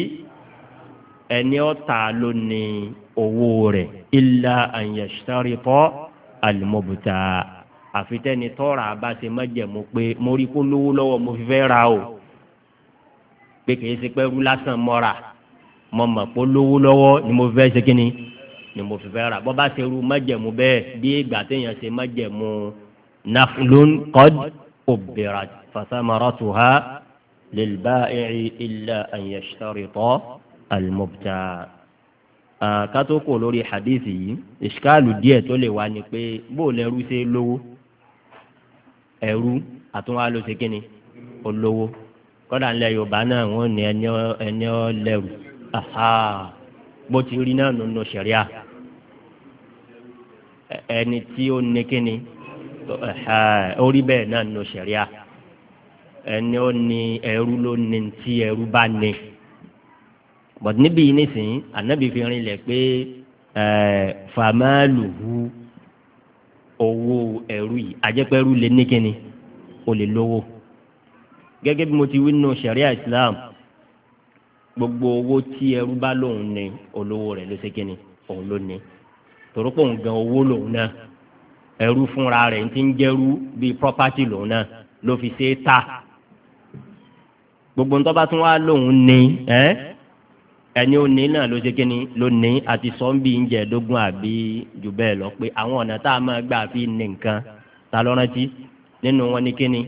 ẹni ọ̀tá ló ní owó rẹ̀ ilà àyẹ̀sítárìtọ́ àlùmọ̀bùtà àfitẹ́ni tọ́ra bá ṣe mọ́jẹ̀mú pé mo rí kó lówó lọ́wọ́ mo fi fẹ́ ra o pé kìí ṣe pé rúlásán mọ́ra mo mọ̀ pé lówó lọ́wọ́ ni mo fẹ́ ṣe kí ni ni mo fi fẹ́ rà bọ́ bá ṣe ru májẹ̀mú bẹ́ẹ̀ bí ìgbà téèyàn ṣe májẹ̀mú naflun qad ubirat fathamaratuha lilba'i illa an yashtarita almubta. kátó kò lórí hadithi yìí ìṣkáàlù díẹ̀ tó lè wá ni pé bó lẹ́rú ṣe lówó ẹ̀rú àtúnwá ló ṣe kí ni olówó kọ́dà ńlẹ̀ yorùbá náà wọ́n ní ẹni ọ lẹ́rù bó ti rí náà nínú sẹ̀ríà ẹni tí ó ní kíni orí bẹ́ẹ̀ náà nínú sẹ̀ríà ẹni ó ní ẹrú ló ní tí ẹrú bá ní bọ̀dé níbi yìí nísìnyí ànábì fi rinlẹ̀ pé fàmálùú owó ẹrú yìí ajẹ́pẹ́rú lè ní kíni o lè lówó gẹ́gẹ́ bí mo ti wí nù sẹ̀ríà islam gbogbo owó tí ẹrú bá lòun ní olówó rẹ̀ ló ṣe kíni òun ló ní torópò òun gan owó lòun náà ẹrú fúnra rẹ̀ ti ń jẹ́rú bíi property lòun náà ló fi ṣe é ta gbogbo ń tọ́ba tún wá lòun ní ẹ́ ẹni ò ní náà ló ṣe kíni ló ní àti sọ́ńbì ń jẹ́ dógún àbí jù bẹ́ẹ̀ lọ pé àwọn ọ̀nà tá a máa gbà fi ní nǹkan ta lọ́rántí nínú wọn ní kíni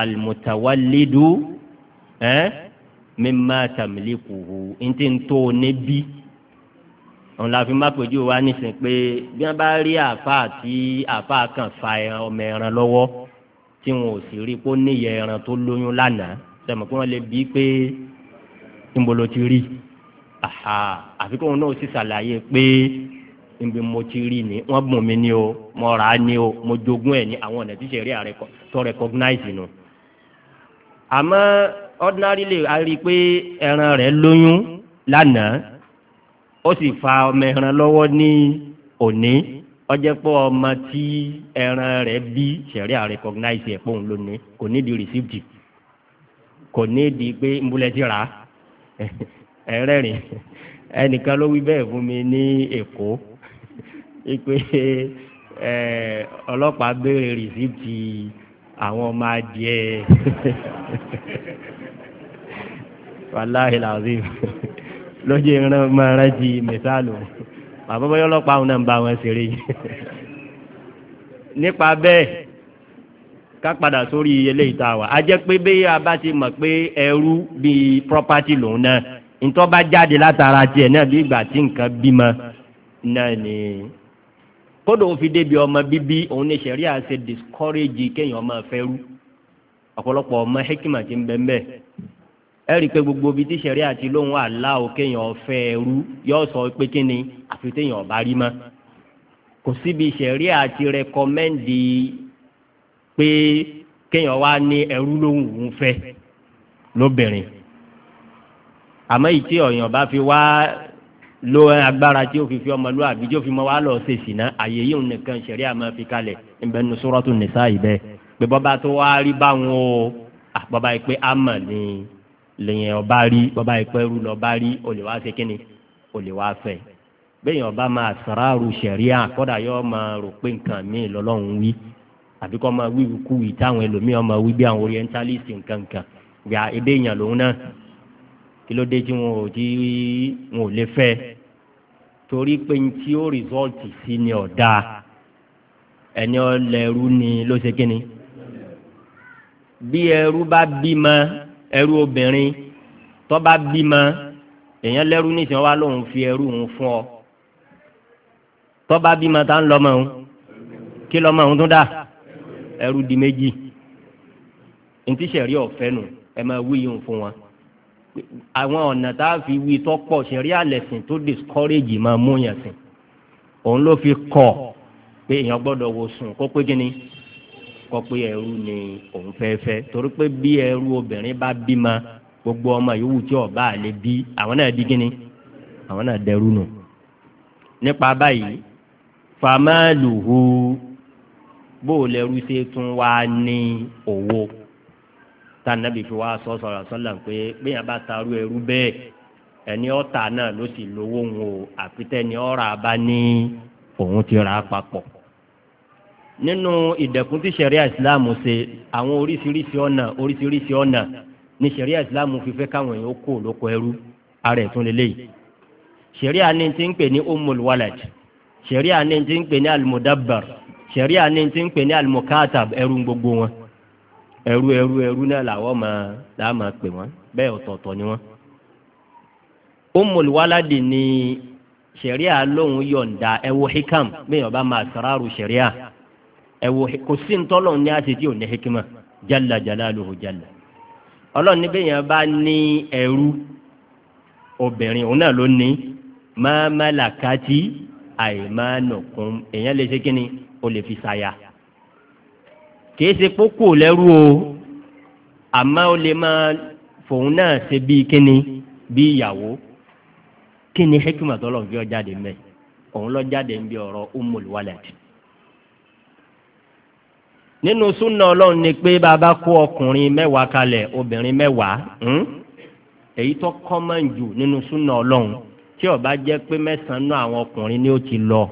alimutawalidu ẹ eh, mímá tàmílìkùhù ntí ń tó níbí òun la fi má pèjú wa nísìnyí pé bí wọn bá rí àfa àti àfa kan fa ọmọ ẹran lọ́wọ́ tí wọn ò sì rí kó níyẹ ẹran tó lóyún lánàá sẹmọ kí wọn lè bí pé ńbolo ti rí aha àfi kóun náà sì ṣàlàyé pé nbí mo ti rí ni wọn bùn mí ni o mo rà ni o mo jogún ẹ ní àwọn ọ̀nà tí sẹ̀rí àrẹ tọ́ recognize nù. No àmọ́ ordinary lè rí i pé ẹran rẹ̀ lóyún lánàá ó sì fa ọmọ ẹran lọ́wọ́ ní òní ọjẹ́ pé ọmọ tí ẹran rẹ̀ bí sẹ̀rí à recognize ẹ̀ lónìí kò ní di receipt kò ní di pé ń búlẹ̀ ti rà á ẹ̀rẹ́rìn ẹnìkan ló wí bẹ́ẹ̀ fún mi ní èkó pé ọlọ́pàá béèrè rìsíìtì àwọn ọmọ adìẹ wàláhì làzim lójú ìran máa rántí mẹ́sàlù bàbá bọ́yọ́ ọlọ́pàá àwọn náà ń bá wọn ṣeré nípa bẹ́ẹ̀ ká padà sórí eléyìí tá a wà á jẹ́ pé bẹ́ẹ̀ a bá ti mọ̀ pé ẹrú bíi property lòun náà ntọ́ bá jáde látara tiẹ̀ náà bí ìgbà tí nǹkan bímọ náà ni kódò ń fi débi ọmọ bíbí òun ní sẹ̀rí àṣẹ discourage kéèyàn ọmọ fẹ́rú ọ̀pọ̀lọpọ̀ ọmọ hekima ti ń bẹ mbẹ́ ẹ rí i pé gbogbo ibi tí sẹ̀rí àti lóhùn aláwo kéèyàn fẹ́rú yóò sọ pé kí ni àfi téèyàn ọba rí mọ́ kò síbi sẹ̀rí àti rẹkọmẹ́ndì pé kéèyàn wá ní ẹrú lóhùn òun fẹ́ lóbìnrin àmọ́ ìtí ọ̀yàn bá fi wá lo agbára tí o fi fi ọmọlúwàbí tí o fi mọ wá lọ ṣe sìnà àyè yìí nìkan ṣẹ̀rí àmọ́ fi kalẹ̀ ńbẹ nu Suratu Nisa yìí bẹ́ẹ̀ pé bọ́ba tó wá rí báwọn o bọ́ba yìí pé àmọ̀ ni lèyìn ọba rí bọ́ba yìí pé rú lọ́ba rí o lè wá ṣe kíni o lè wá fẹ́ bẹ́yìn ọba máa sàráàrù ṣẹ̀rí à yóò máa rò pé nǹkan míì lọ́lọ́run wí àbí kọ́ máa wí kú wì táwọn ẹlòmíràn máa wí bí àwọn orientalist nǹkan kan gbà ebéèyàn lòun náà kí ló dé tí wọn ò tí wọn ò lè fẹ́ torí pé ní tí ó rìsọ́ọ̀tì sí ni ọ̀dà ẹni ọlẹ́rú ni ló ṣe kíni. bí ẹrú bá bímọ ẹrú obìnrin tó bá bímọ èèyàn lẹ́rú níṣẹ́ wá lóun fi ẹrú òun fún ọ tó bá bímọ tá ń lọ́mọ òun kí lọ́mọ òun tún dà ẹrú di méjì ntí sẹ̀rí ọ̀fẹ́ nù ẹ máa wí yìí fún wọn àwọn ọ̀nà tá a fi wí tó pọ̀ ṣẹ̀rí àlẹ̀sìn tó discourage máa mú yàn sìn òun ló fi kọ̀ pé èèyàn gbọ́dọ̀ wo sùn kó pé kí ni kó pé ẹrú ni òun fẹ́ fẹ́ torí pé bí ẹrú obìnrin bá bímọ gbogbo ọmọ yòówù tí ọba àlè bí àwọn náà di kí ni àwọn náà dẹrú nù nípa báyìí fàmáàlùhù bó o lẹrú ṣe tún wá ní òwò tá nàbì fi wá sọ sọ̀rọ̀ sọ́là pé bẹ́ẹ̀ bá taru ẹrú bẹ́ẹ̀ ẹni ọ̀tà náà ló sì lówó ń o àpítẹ́ ni ọ̀rà bá ní òun ti rà á papọ̀. nínú ìdẹ̀kùn tí sẹ̀ríà ìsìláàmù ṣe àwọn oríṣiríṣi ọ̀nà oríṣiríṣi ọ̀nà ni sẹ̀ríà ìsìláàmù fi fẹ́ káwọn èèyàn kó lóko ẹrú ara ẹ̀tún lélẹ́yìí. sẹ̀ríà ní ti ń pè ní umul walad sẹ̀ríà ní ti ń pè ní almudabbar sẹ̀ríà ní ti ń pè ní almukatab ẹrú gbogbo wọn ẹrú ẹrú ẹrú náà làwọn máa làá máa pè wọ́n bẹ́ẹ̀ ọ̀tọ̀ọ̀tọ̀ ni wọ́n. Ummul waladi ni sẹ̀ríà lóun yọ̀ǹda ẹ̀wọ̀ hikam bẹ́ẹ̀ ọba máa sàràrù sẹ̀ríà ẹ̀wọ̀ kò sí ntọ́lọ̀ ní àtẹ̀tí ò ní hikima jalla jalaluhu jalla. ọlọ́run níbẹ̀ yẹn bá ní ẹrú obìnrin òun náà ló ní máa málàkàtì àìmánùkún èèyàn lè ṣe kí ni o lè fi ṣàyà kìí ṣe kókó lẹ́rú o àmọ́ ó lè máa fòun náà ṣe bíi kíni bíi ìyàwó kíni hekima tó lọ́n fi ọ jáde mẹ́ òun lọ jáde ń bí ọ̀rọ̀ umul walad nínú súnà ọlọ́run ni pé bàbá kó ọkùnrin mẹ́wàá kalẹ̀ obìnrin mẹ́wàá hmm? èyí tó kọ́mọ̀ jù nínú súnà ọlọ́run tí ó jẹ́ pé mẹ́sàn-án náà àwọn ọkùnrin ni ó ti lọ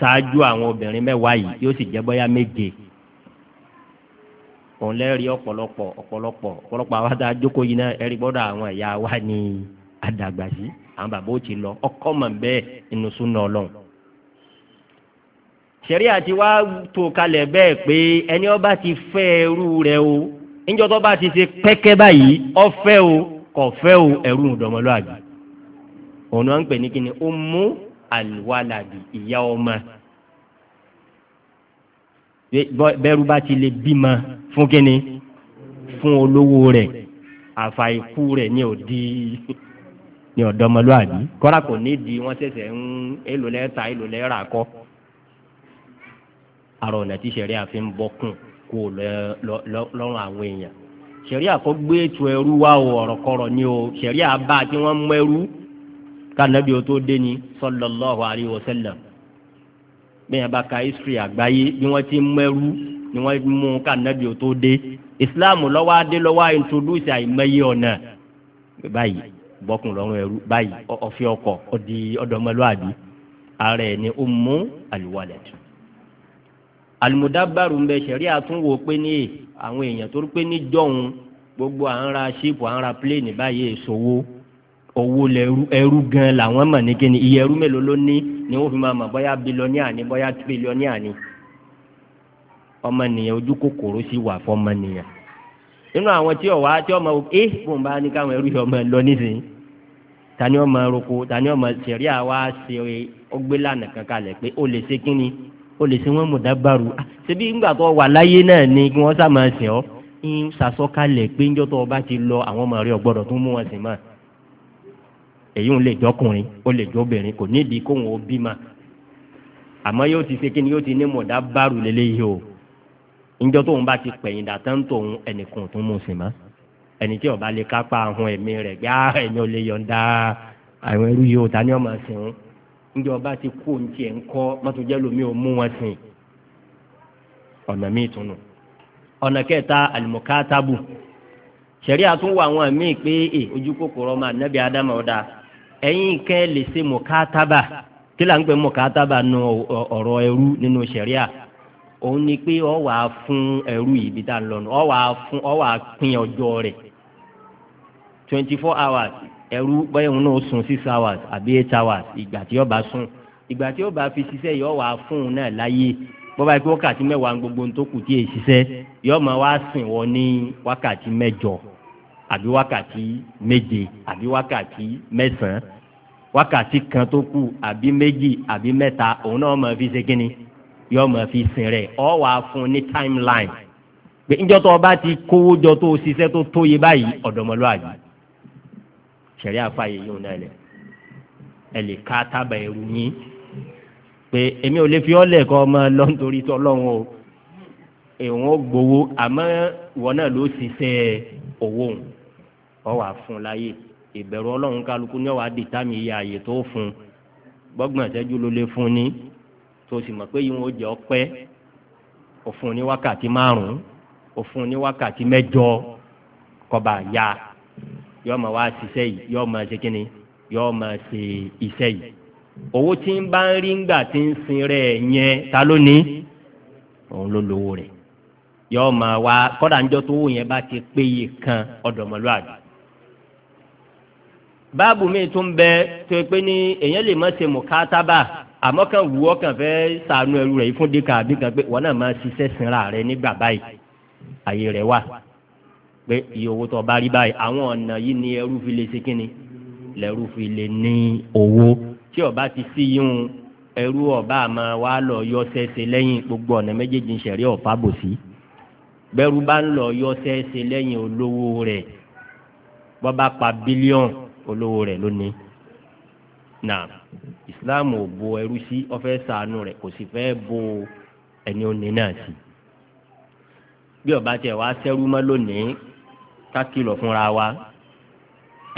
ṣáájú àwọn obìnrin mẹ́wàá yìí yóò sì jẹ́ bóyá méje òun lẹ́rìí ọ̀pọ̀lọpọ̀ ọ̀pọ̀lọpọ̀ ọ̀pọ̀lọpọ̀ àwọn tá a jókòó yìí náà ẹ̀rí gbọ́dọ̀ àwọn ìyá wa ní àdàgbà sí àwọn bàbá ó ti lọ ọkọ mọ̀ bẹ́ẹ̀ inú súnà ọlọ́run. ṣẹ̀rí àti wá tó kalẹ̀ bẹ́ẹ̀ pé ẹni ọba ti fẹ́ ẹrú rẹ o níjọ́ tó bá ti ṣe pẹ́kẹ́ báyìí ọ̀fẹ́ o kọ̀fẹ́ o ẹrú ìdọ̀mọlúwàbí òun náà ń pè ní kíni ó mú alwaladi ìyá ọmọ bẹ́rù bá ti lè bímọ fún kínní fún olówó rẹ̀ àfàìkú rẹ̀ ní òdi ní ọ̀dọ́mọlúàbí kọ́ra kò ní di wọ́n ṣẹ̀ṣẹ̀ ń èlò lẹ́ta èlò lẹ́ra kọ́ àrò ọ̀nà tí sẹ̀rí àfi ń bọ́ kùn kó lọ́rùn àwọn èèyàn sẹ̀rí àkọ́gbé ètò ẹrú wa ọ̀rọ̀kọ̀rọ̀ ni o sẹ̀rí àbá tí wọ́n mú ẹrú kánàbí o tó dé ni sallallahu alayhi wa sallam bẹ́ẹ̀ bá ka history àgbáyé ni wọ́n ti mẹ́rú ni wọ́n mú kánàbí o tó dé islam lọ́wọ́ adé lọ́wọ́ introduce àìmọye ọ̀nà báyìí bọ́kùn lọ́rùn ẹrú báyìí ọ̀fẹ́ ọkọ̀ ọ̀dì ọ̀dọ́mọlúàbí ara ẹ̀ ni ummu alwalad alimudabaru ń bẹ sẹ̀rí àtúnwò pé ní àwọn èèyàn torí pé ní jọ̀hún gbogbo à ń ra ṣíìpù à ń ra pléènì báyìí èsòwò. E owó lẹrú ẹrú gan làwọn mọ̀ ní kíni iye ẹrú mélòó ló ní ni wọ́n fi máa mọ̀ bóyá bílíọ̀nìà ni bóyá tírílíọ̀nìà ni ọmọnìyàn ojú kòkòrò sì wà fọmọnìyàn nínú àwọn tí ọ̀wá tí ọmọ ẹ bùn bá ní káwọn ẹrú yìí ọmọ ẹ lọ nísìnyí tani ọmọ roko tani ọmọ sẹ̀rí àwa ṣe ọgbẹ́lànà kankan lẹ̀ pé ó lè ṣe kíni ó lè ṣe wọ́n mọ̀ dábàrú ah, ṣebí ńgbà tó wà láyé náà ni wọ́n sá sìn ọ́ ń ṣàsọ́kalẹ̀ pé ńjọ́ o bá ti lọ àwọn ọmọ rẹ ọ̀gbọ́dọ̀ tó mú wọn sìn èyí ń lè jọkùnrin ó lè jọbìnrin kò nídìí kóhun ó bímọ àmọ́ yóò ti ṣe kí ni yóò ti ní mọ̀dá bárù lélẹ́yìí o níjọ́ tóun bá ti pẹ̀yìn dà tán tóun ẹnìkan tó mú sí ma ẹni tí ọba lè kápá ahun ẹ̀mí rẹ̀ gbá ẹ̀mí ò lè yọ̀ǹda àwọn ẹrú yìí ò ta ni ọmọ sìn ń níjọ́ ọba ti kú ohun tiẹ̀ ń kọ́ mọ́tòjẹ́ lomi ò mú wọn sìn ọ̀nà míì tún nù ọ̀nà kẹta àlùmọ̀ká tábù ṣẹ̀rí àtúnwò àwọn míì pé ojú kòkòrò ọmọ ànábì ádámọ̀ ọ̀dà ẹ̀yin kẹ́ lè ṣe mọ̀kátábà kí là ń pè mọ̀kátábà nu ọ̀rọ̀ ẹrú nínú òun ni pé ọ wà fún ẹrú yìí bí lọ ọ wà fún ọ wà á ọjọ́ rẹ̀ twenty four hours ẹrú bẹ́ẹ̀ òun náà six hours àbí eight hours ìgbà tí ìgbà tí fi ṣiṣẹ́ yìí ọ wà fún òun náà láyé gbogbo tó kù tí èyí ṣiṣẹ́ yọ wọ ní wákàtí mẹ́jọ àbí wákàtí méje àbí wákàtí mẹ́sàn-án wákàtí kan tó kù àbí méjì àbí mẹ́ta òun náà máa fi ṣe kínni yóò máa fi sìn rẹ̀ ọ wà fún ní timeline pé níjọ́ tó o bá ti kówó jọ tó o ṣiṣẹ́ tó tóye báyìí ọ̀dọ́mọlúwàbí ṣẹ̀rí àfààyè yóò náà lẹ̀ ẹ lè ká tábà ẹrù yín pé èmi ò lè fi ọ́ lẹ̀kọ́ ọmọ lọ nítorí tó ọlọ́run o èèwọ̀n gbowó àmọ́ ìwọ náà ló ṣiṣẹ́ owó òun ọwà fún láyè ìbẹ̀rù ọlọ́run kálukú ní ọwà dìtámì iye àyè tó fún gbọ́gbọ́n ìṣẹ́jú ló lè fún ni tó sì mọ̀ pé yìí wọ́n jẹ́ ọpẹ́ òfun ní wákàtí márùn-ún òfun ní wákàtí mẹ́jọ kọba ya yọ ma wá ṣiṣẹ́ yìí yọ ma ṣe kíni yọ ma ṣe iṣẹ́ yìí owó tí ń bá ń rí ńgbà tí ń sin rẹ̀ yẹn ta ló òun ló lówó rẹ̀ yọ ma wá kọ́dà ńjọ́ tó wù yẹn bá ti péye kan ọ̀dọ̀mọlúwàbí báàbù mi tún bẹ tó pé ní èyàn lè má ṣe mùkátábà àmọ́ kan wù ọ́ kàn fẹ́ sànú ẹrú rẹ̀ fún dika àbí kan pé wọ́n náà máa ṣiṣẹ́ sinra rẹ̀ nígbà báyìí àyè rẹ̀ wà pé iye owó tó bá rí báyìí àwọn ọ̀nà yìí ni ẹrú fi lè ṣe kíni lẹ́rú fi lè ní owó tí ọba ti sí yíhun ẹrú ọba àmọ́ wa lọ yọ ṣẹ́ṣe lẹ́yìn gbogbo ọ̀nà méjèèjì ń ṣẹ̀rí ọ̀fà bò sí bẹ́rù bá ń lọ yọ ṣẹ́ṣe lẹ́yìn olówó rẹ̀ bọ́ bá pa bílíọ̀nù olówó rẹ̀ lónìí na islam ò bo ẹrú sí ọfẹ́ sànù rẹ̀ kò sì fẹ́ bo ẹni òní náà sí bí ọba tiẹ̀ wá sẹ́rú mọ́ lónìí ká fúnra wa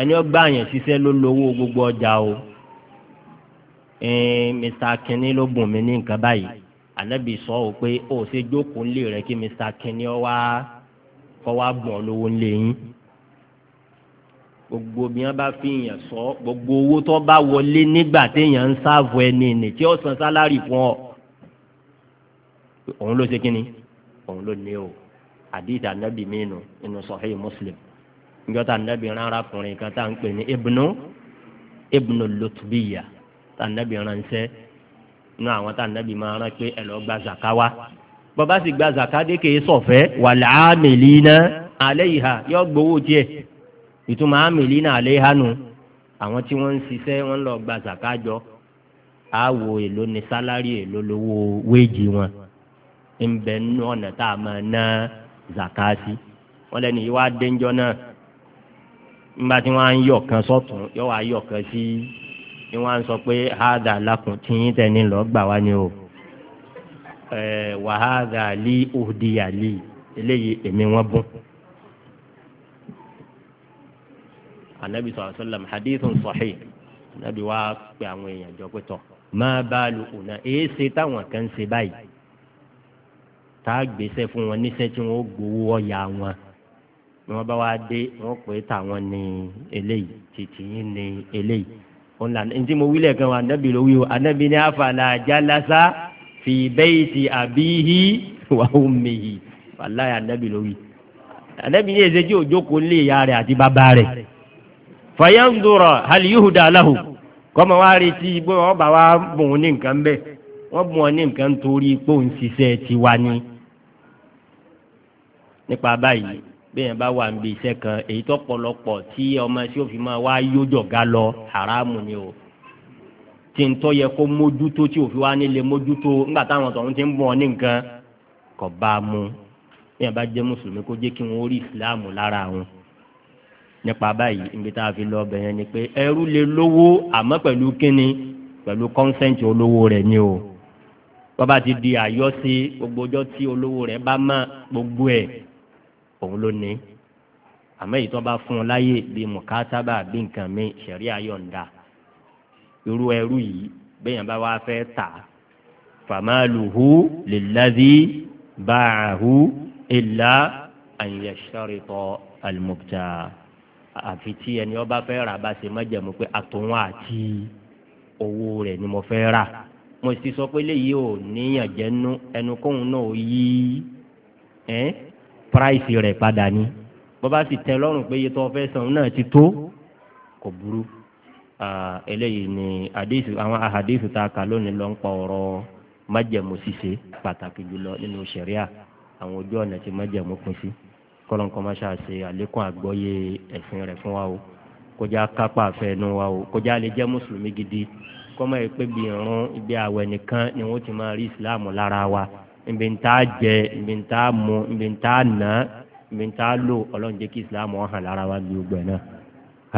ẹni ọgbà yẹn ṣiṣẹ́ ló lówó gbogbo ọjà o mr kinní ló bùn mí ní nǹkan báyìí ànábì sọ ọ pé ó ṣe jókòó ńlé rẹ kí mr kinní ọ wá kọ́ wá lówó ńlé yín gbogbo bí wọn bá fi yàn sọ gbogbo owó tó bá wọlé nígbà téèyàn ń sáàbù ẹni nì tí ó san sálárì fún ọ òun ló ṣe kínni òun ló ní o àdìtà nàbì mìíràn inú sọ̀hìn Muslim njọta nàbì rárá kùnrin kan tá à ń pè ní ibnu ibnu lutbiya tá nàbì ránṣẹ́ inú àwọn tá nàbì máa rán pé ẹ lọ gba zakawa bàbá sì gba zakadé kèé sọfẹ wàlẹ́ àmì lìínà alẹ́ yìí ha yọ gbowó tiẹ̀ ìtumọ̀ amìlí náà lé hánu àwọn tí wọ́n ń ṣiṣẹ́ wọ́n lọ gba sàkájọ á èlò ní sálárì èlò lówó wéèjì wọn ń bẹ nínú ọ̀nà tá a máa ná zakasi wọ́n lẹ́nu yìí wá déńjọ́ náà nígbà tí wọ́n á ń yọ̀ kan sọ́tún yọ̀ wá yọ̀ kan sí ni wọ́n á ń sọ pé háàdà lakùn tí yín tẹ̀ ní lọ́ọ́ gbà wá ni o wàhálà lí òdìyà lí eléyìí èmi wọ́n bùn. anabi sallallahu alaihi wasallam hadithun sahih anabi wa pe àwọn èèyàn jọ pé tọ máa bá a lò kù náà èé ṣe táwọn kan ń ṣe báyìí tá a gbèsè fún wọn níṣẹ́ tí wọ́n gbowó ọ̀yà wọn ni wọ́n bá wá dé wọ́n pè é táwọn ní eléyìí títí yín ní eléyìí wọn là ní tí mo wílẹ̀ kan wà anabi ló wí o anabi ní àfàlà jalasa fi bayti abihi wa ummihi wàláyà anabi ló wí anabi ní èsè tí òjò kò lè ya àti bàbá rẹ̀ fàyẹ́ndùrọ̀ àlìyúhùdà aláhù kọ́mọ wá rí tí igbó wọn bá wá bùn ní nǹkan bẹ́ẹ̀ wọ́n bùn ọ ní nǹkan torí pé òun ṣiṣẹ́ tiwa ni. nípa báyìí bẹ́ẹ̀ bá wà níbi iṣẹ́ kan èyí tó pọ̀lọpọ̀ tí ọmọ sí òfin máa wá yójọ ga lọ haramu ni o tí ń tọ́ yẹ kó mójútó tí òfin wá nílé mójútó nígbà táwọn tọ̀hún ti ń bùn ọ ní nǹkan kò bá a mú bẹ́ẹ̀ bá jẹ́ mùsùlùmí kó jẹ́ kí wọ́n rí ìsìláàmù lára wọn nípa báyìí níbi tá a fi lọ bẹ̀yẹn ni pé ẹrú lè lówó àmọ́ pẹ̀lú kíni pẹ̀lú kọ́nsẹ́ǹtì olówó rẹ̀ ni o bọ́ba ti di àyọ́sí gbogbo ọjọ́ tí olówó rẹ̀ bá mọ̀ gbogbo ẹ̀ òun ló ní àmọ́ èyí tó bá fún un láyè bíi mùkátábà bíi nǹkan mi ṣẹ̀rí ayọ̀ǹda irú ẹrú yìí bẹ́yẹn bá wá fẹ́ tà fàmálùhù lèlàdí báàhù ìlà àyẹ̀ṣọ́rìtọ̀ àlùmọ̀tà àfi tí ẹni ọba fẹ́ rà bá ṣe májẹ̀mú pé àtòun àti owó rẹ̀ ni mo fẹ́ rà mo sì sọ pé léyìí ò níyàn jẹ́nu ẹnu náà yí price rẹ̀ padà ni bó bá sì tẹ lọ́rùn pé iye tó o fẹ́ san náà ti tó kò burú eléyìí ni àdéhùn àwọn àhàdéhùn tá a kà lónìí ló ń pa ọ̀rọ̀ májẹ̀mú ṣíṣe pàtàkì jùlọ nínú ṣẹ̀ríà àwọn ojú ọ̀nà tí májẹ̀mú pín sí kọ́lọ́n kọ́ máa ṣàṣe àlékún àgbọ́yé ẹ̀sìn rẹ̀ fún wa o kọjá kápá àfẹnú wa o kọjá lè jẹ́ mùsùlùmí gidi kọ́mọ yìí pé bí irun ibi àwẹ̀ nìkan ni wọ́n ti máa rí ìsìláàmù lára wa ibi ń tá a jẹ ibi ń tá a mu ibi ń tá a nà ibi ń tá a lò ọlọ́run jẹ́ kí ìsìláàmù ọ̀hàn lára wa bí ogbẹ̀ náà.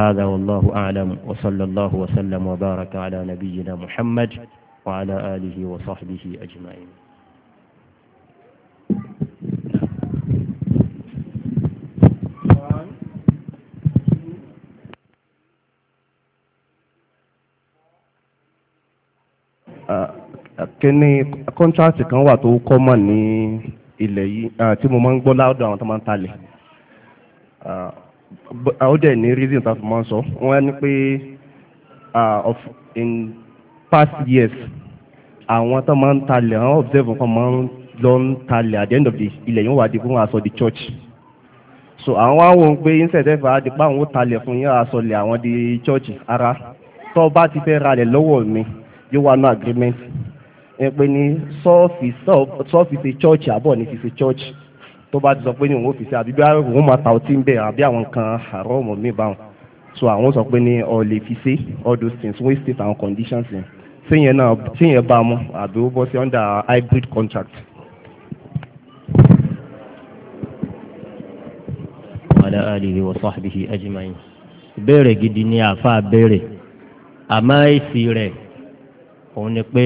هذا والله أعلم وصلى الله وسلم وبارك على نبينا محمد وعلى آله وصحبه أجمعين kíní kọ́ńtrátì kan wà tó kọ́mọ̀ ní ilẹ̀ yìí tí mo máa ń gbọ́ láàdọ̀ àwọn tó máa ń talẹ̀ ó dẹ̀ ní reason tá máa ń sọ wọ́n ní pé of in past years àwọn tó máa ń talẹ̀ àwọn observe kan máa ń lọ ń talẹ̀ at the end of the ilẹ̀ yìí wọ́n wà di fún aṣọ the church so àwọn wá wọn pé ìṣẹ̀dẹ́fà á di pa àwọn ó talẹ̀ fún yín àṣọlẹ̀ àwọn di church ara tó bá ti fẹ́ ralẹ̀ lọ́wọ́ mi yóò wà ní agreement pé ní sọ́ọ̀fì sọ́ọ̀fì ṣe chọ́ọ̀chì àbọ̀ ní ti ṣe chọ́ọ̀chì tó bá ti sọ pé ní òun ò fi ṣe àbí bí àwọn máa ta ọtí ń bẹ̀ àbí àwọn kan àrọ́ọ̀mọ̀ mi bá wọn so àwọn sọ pé ní ọ lè fi all those things wey state àwọn conditions yẹn tíyẹn náà tíyẹn bá mu àbí ó bọ́ sí under hybrid contract. ala alihi wa sahbihi ajma'in ìbéèrè gidi ni àáfàá béèrè àmọ́ èsì rẹ̀ òun ni pé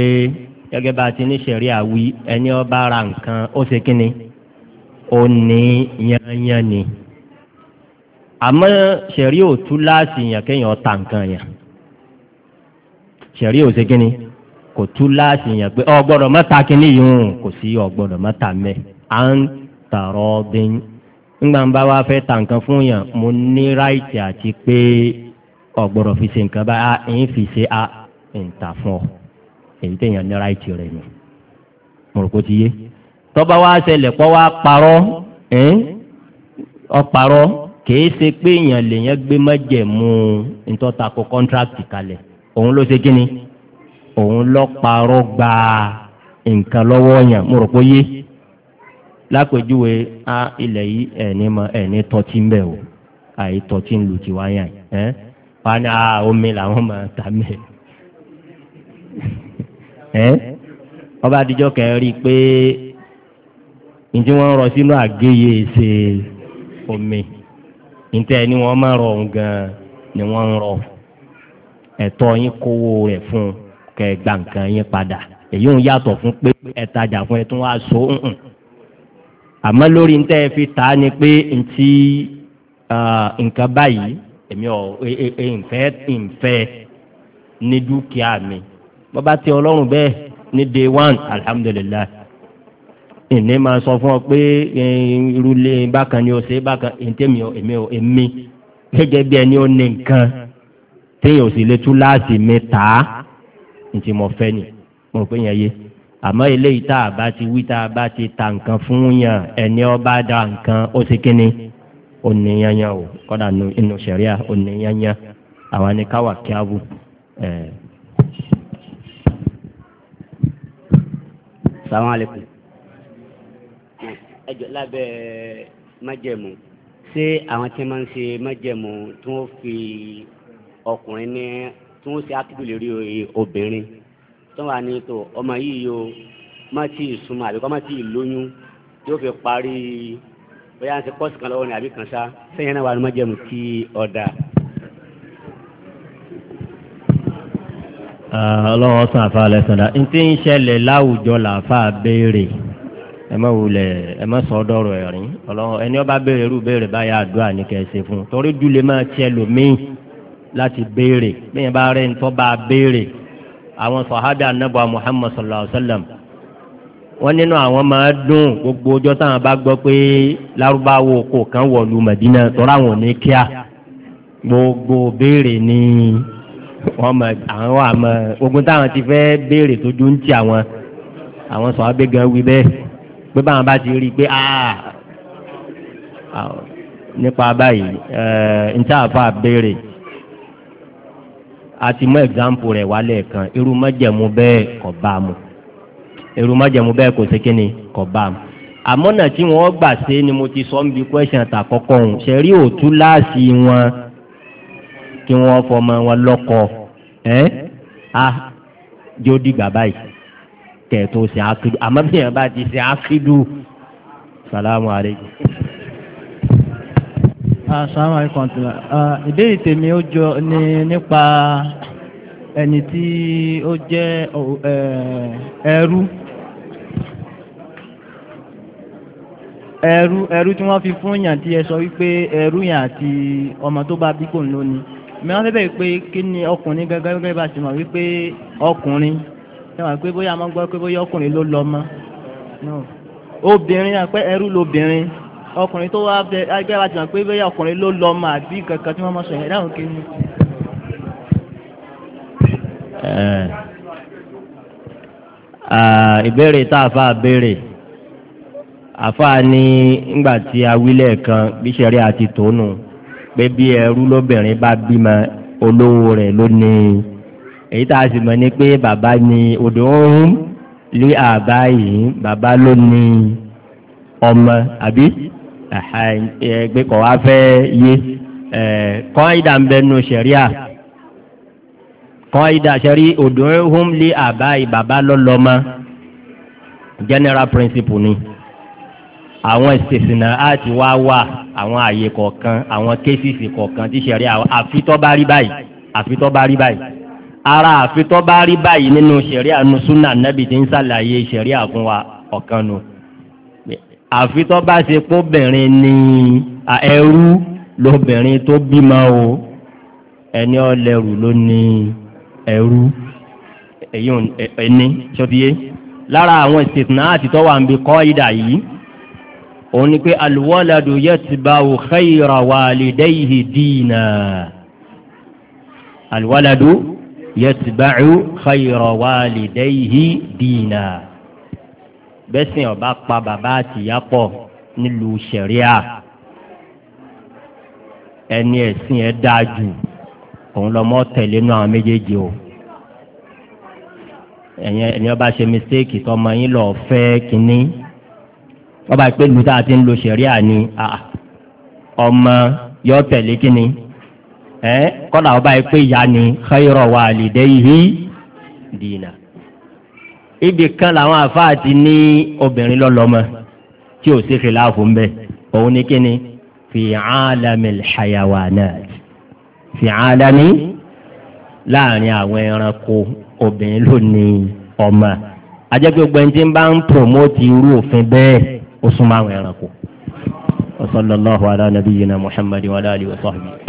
gẹ́gẹ́ bá a ti ní sẹ̀rí àwí ẹni ọba ara nǹkan ó ṣe kínni ó ní yányán ni àmọ́ sẹ̀rí ò tú láàsì yàn kéèyàn ta nǹkan yàn sẹ̀rí ò ṣe kínni kò tú láàsì yàn pé ọ gbọ́dọ̀ má ta kínní yìí hùn kò sí ọ gbọ́dọ̀ mẹ́ à ń tààrọ́ dín nígbà ń bá wa fẹ́ ta nǹkan fún yàn mo ní ráìtì àti pé ọ fi ṣe nǹkan bá a ń fi ṣe a ń ta fún ọ. èyí téèyàn ní ráìtì rẹ̀ ni mo rò kó ti yé tọ́ba wá ṣẹlẹ̀ pọ́ wa parọ́ ọparọ́ kìí ṣe pé èèyàn lèèyàn gbé kọ́ńtrákì kalẹ̀ òun ló ṣe kí ni òun gba nǹkan lọ́wọ́ yàn mo rò yé lápèjúwe a ilẹ̀ yìí ẹni mọ ẹni tọ́tí ń bẹ̀ o àyè tọ́tí ń lu wọn ni ah, omi làwọn ọba àdìjọ kan rí i pé ǹjẹ́ wọn rọ sínú àgéyé ṣe omi ǹtẹ́ ni wọ́n máa rọ òun gan ni wọn ń rọ ẹ̀tọ́ yín kówó rẹ̀ fún kẹ gba nǹkan yín padà èyí ń yàtọ̀ fún pé ẹ tajà fún ẹ tún wá so ń àmọ́ lórí ǹtẹ́ fi ta ni pé ntí nǹkan báyìí èmi ò ìfẹ́ e, e, e, ìfẹ́ ní dúkìá mi. bàbá tí ọlọ́run bẹ́ẹ̀ ní day one alhamdulilayi ìní máa sọ fún ọ pé irúlé bákan ni o ṣe bákan ètèmi o èmi o èmi gẹ́gẹ́ bí ẹni ó ní nǹkan téèyàn ò sì lè tú láti mi tà á ntì mọ̀ fẹ́ ni mo rò pé yẹn yé àmọ́ eléyìí tá a bá ti wí tá a bá ti ta nǹkan fún yàn ẹni ọba da nǹkan ó ṣe kínní ó ní yanyan o kọ́dà inú sẹ̀ríà ó ní yanyan àwọn ni káwà kí bù ẹ̀ẹ́. Assalamu alaikum. ẹjọ lábẹ́ májẹ̀mú ṣé àwọn tí wọ́n ń ṣe májẹ̀mú tí wọ́n fi ọkùnrin ní tí wọ́n ṣe akíkù lórí obìnrin tó wà ní tó ọmọ yìí yóò má tí ì súnmọ́ àbí kó má tí ì lóyún yóò fi parí bóyá ń ṣe kọ́ọ̀sì kan lọ́wọ́ ni àbí kan ṣá sẹ́yìn náà wà ní májẹ̀mú tí ọ̀dà. ọlọ́wọ́ sàn àfa lẹ́sàndà n tí ń ṣẹlẹ̀ láwùjọ làáfà béèrè ẹ má wulẹ̀ ẹ má sọ dọ́rọ̀ ẹ̀rín ọlọ́wọ́ ẹni ọba béèrè irú béèrè báyà àdúrà ní kẹsì fún un torí dúlé máa tiẹ̀ lòmíì láti béèrè bẹ́ẹ̀ bá rẹ̀ ń tọ́ bá béèrè àwọn sọ̀hádà anábọ̀ Muhammad sallallahu alayhi wa sallam wọ́n nínú àwọn máa dùn gbogbo ọjọ́ táwọn bá gbọ́ pé lárúbáwò kò kán wọ̀lú Madina tọ́ra àwọn ò gbogbo béèrè ní wọ́n mọ̀ àwọn wà mọ̀ ogun táwọn ti fẹ́ béèrè tó dún ti àwọn àwọn sọ abẹ́gan wí bẹ́ẹ̀ pé báwọn bá ti rí i pé ah, ah, nípa báyìí eh, níta àfa béèrè a ti mú ẹ̀gbáǹpù rẹ̀ wálẹ̀ kan irú mọ́jẹ̀mú bẹ́ẹ̀ kọ̀ bá mu irú mọ́jẹ̀mú bẹ́ẹ̀ kò sí kíni kọ̀ bá mu àmọ́nà tí wọ́n gbà ṣe ni mo ti sọ ń bi kwẹ́sàn tàkọ́kọ́ ọ̀hún ṣe rí òtún láàsì wọn tí wọ́n fọmọ wọn lọ́kọ ẹ́ a yóò dìgbà báyìí kẹ̀ tó ṣe àkídù àmọ́ bí yẹn bá ti ṣe àkídù salamu aleykum. Assalamu alaikum. Ìbéèrè tèmi ó jọ ní nípa ẹni tí ó jẹ́ eh, ẹrú ẹrú ẹrú tí wọ́n fi fún yàn tí ẹ sọ wípé ẹrú yàn àti ọmọ tó bá bí kò ń lónìí. mìíràn bẹ́ẹ̀ pé kí ni ọkùnrin gẹ́gẹ́ gẹ́gẹ́ bá ti mọ̀ wípé ọkùnrin ṣe wà pé bóyá a máa pé bóyá ọkùnrin ló lọ mọ́ obìnrin àpẹ ẹrú lobìnrin ọkùnrin tó bẹ ti pé bóyá ọkùnrin ló lọ àbí kankan pé bí ẹrú lóbìnrin bá bímọ olówó rẹ̀ ló ní èyí tá a sì mọ̀ ni pé bàbá ni odò ọ̀hún lé àbá yìí bàbá ló ní ọmọ àbí ẹgbẹ́ kọ̀ wá fẹ́ yé kọ́ ìdá ń bẹnu sẹ̀ríà kọ́ ìdá sẹ́rí odò ọ̀hún lé àbá yìí bàbá lọ́lọ́mọ general principle ni àwọn ìṣèṣìnà àti wá wà àwọn àyè kọ̀ọ̀kan àwọn kéṣìṣì kọ̀ọ̀kan tí ṣẹ̀rí àfitọ́ bá rí báyìí àfitọ́ bá rí báyìí ara àfitọ́ bá rí báyìí nínú ṣẹ̀rí àánú súnà nẹ́bì tí ń ṣàlàyé ṣẹ̀rí àfún wa ọ̀kan nu àfitọ́ ṣe kóbìnrin ní ẹrú lóbìnrin tó bímọ o ẹni ọlẹ́rù ló ní ẹrú ẹni ṣọ́bíyé lára àwọn ìṣèṣìnà àti tọ́wà ń bi kọ́ ìdà yìí òun ni pé alwaladu yatba'u khayra walidayhi dina alwaladu yatba'u khayra walidayhi dina bẹ́sìn ọba pa bàbá àtìyá pọ̀ nílùú ṣẹ̀ríà ẹni ẹ̀sìn ẹ̀ dáa jù òun lọ mọ tẹ̀lé nu àwọn méjèèjì o ẹ̀yin ọba ṣe mistake tọmọ yín lọ fẹ́ kínní ọba ìpè lu tá a ti ń lo sẹ̀ríà ni ọmọ yọ tẹ̀lé kíni ẹ kọ́dà ọba ìpè ìyá ni khayra walidayhi dìínà. ibì kan làwọn àfáà ti ní obìnrin lọ́lọ́mọ tí ò sí khilafu ń bẹ̀ òun ni kíni fi alamil hayawanat fi alami láàrin àwọn ẹranko obìnrin ló ọmọ ajẹ́pẹ́ gbẹ̀ǹtì bá ń promote irú òfin bẹ́ẹ̀. وصلى الله على نبينا محمد وعلى اله وصحبه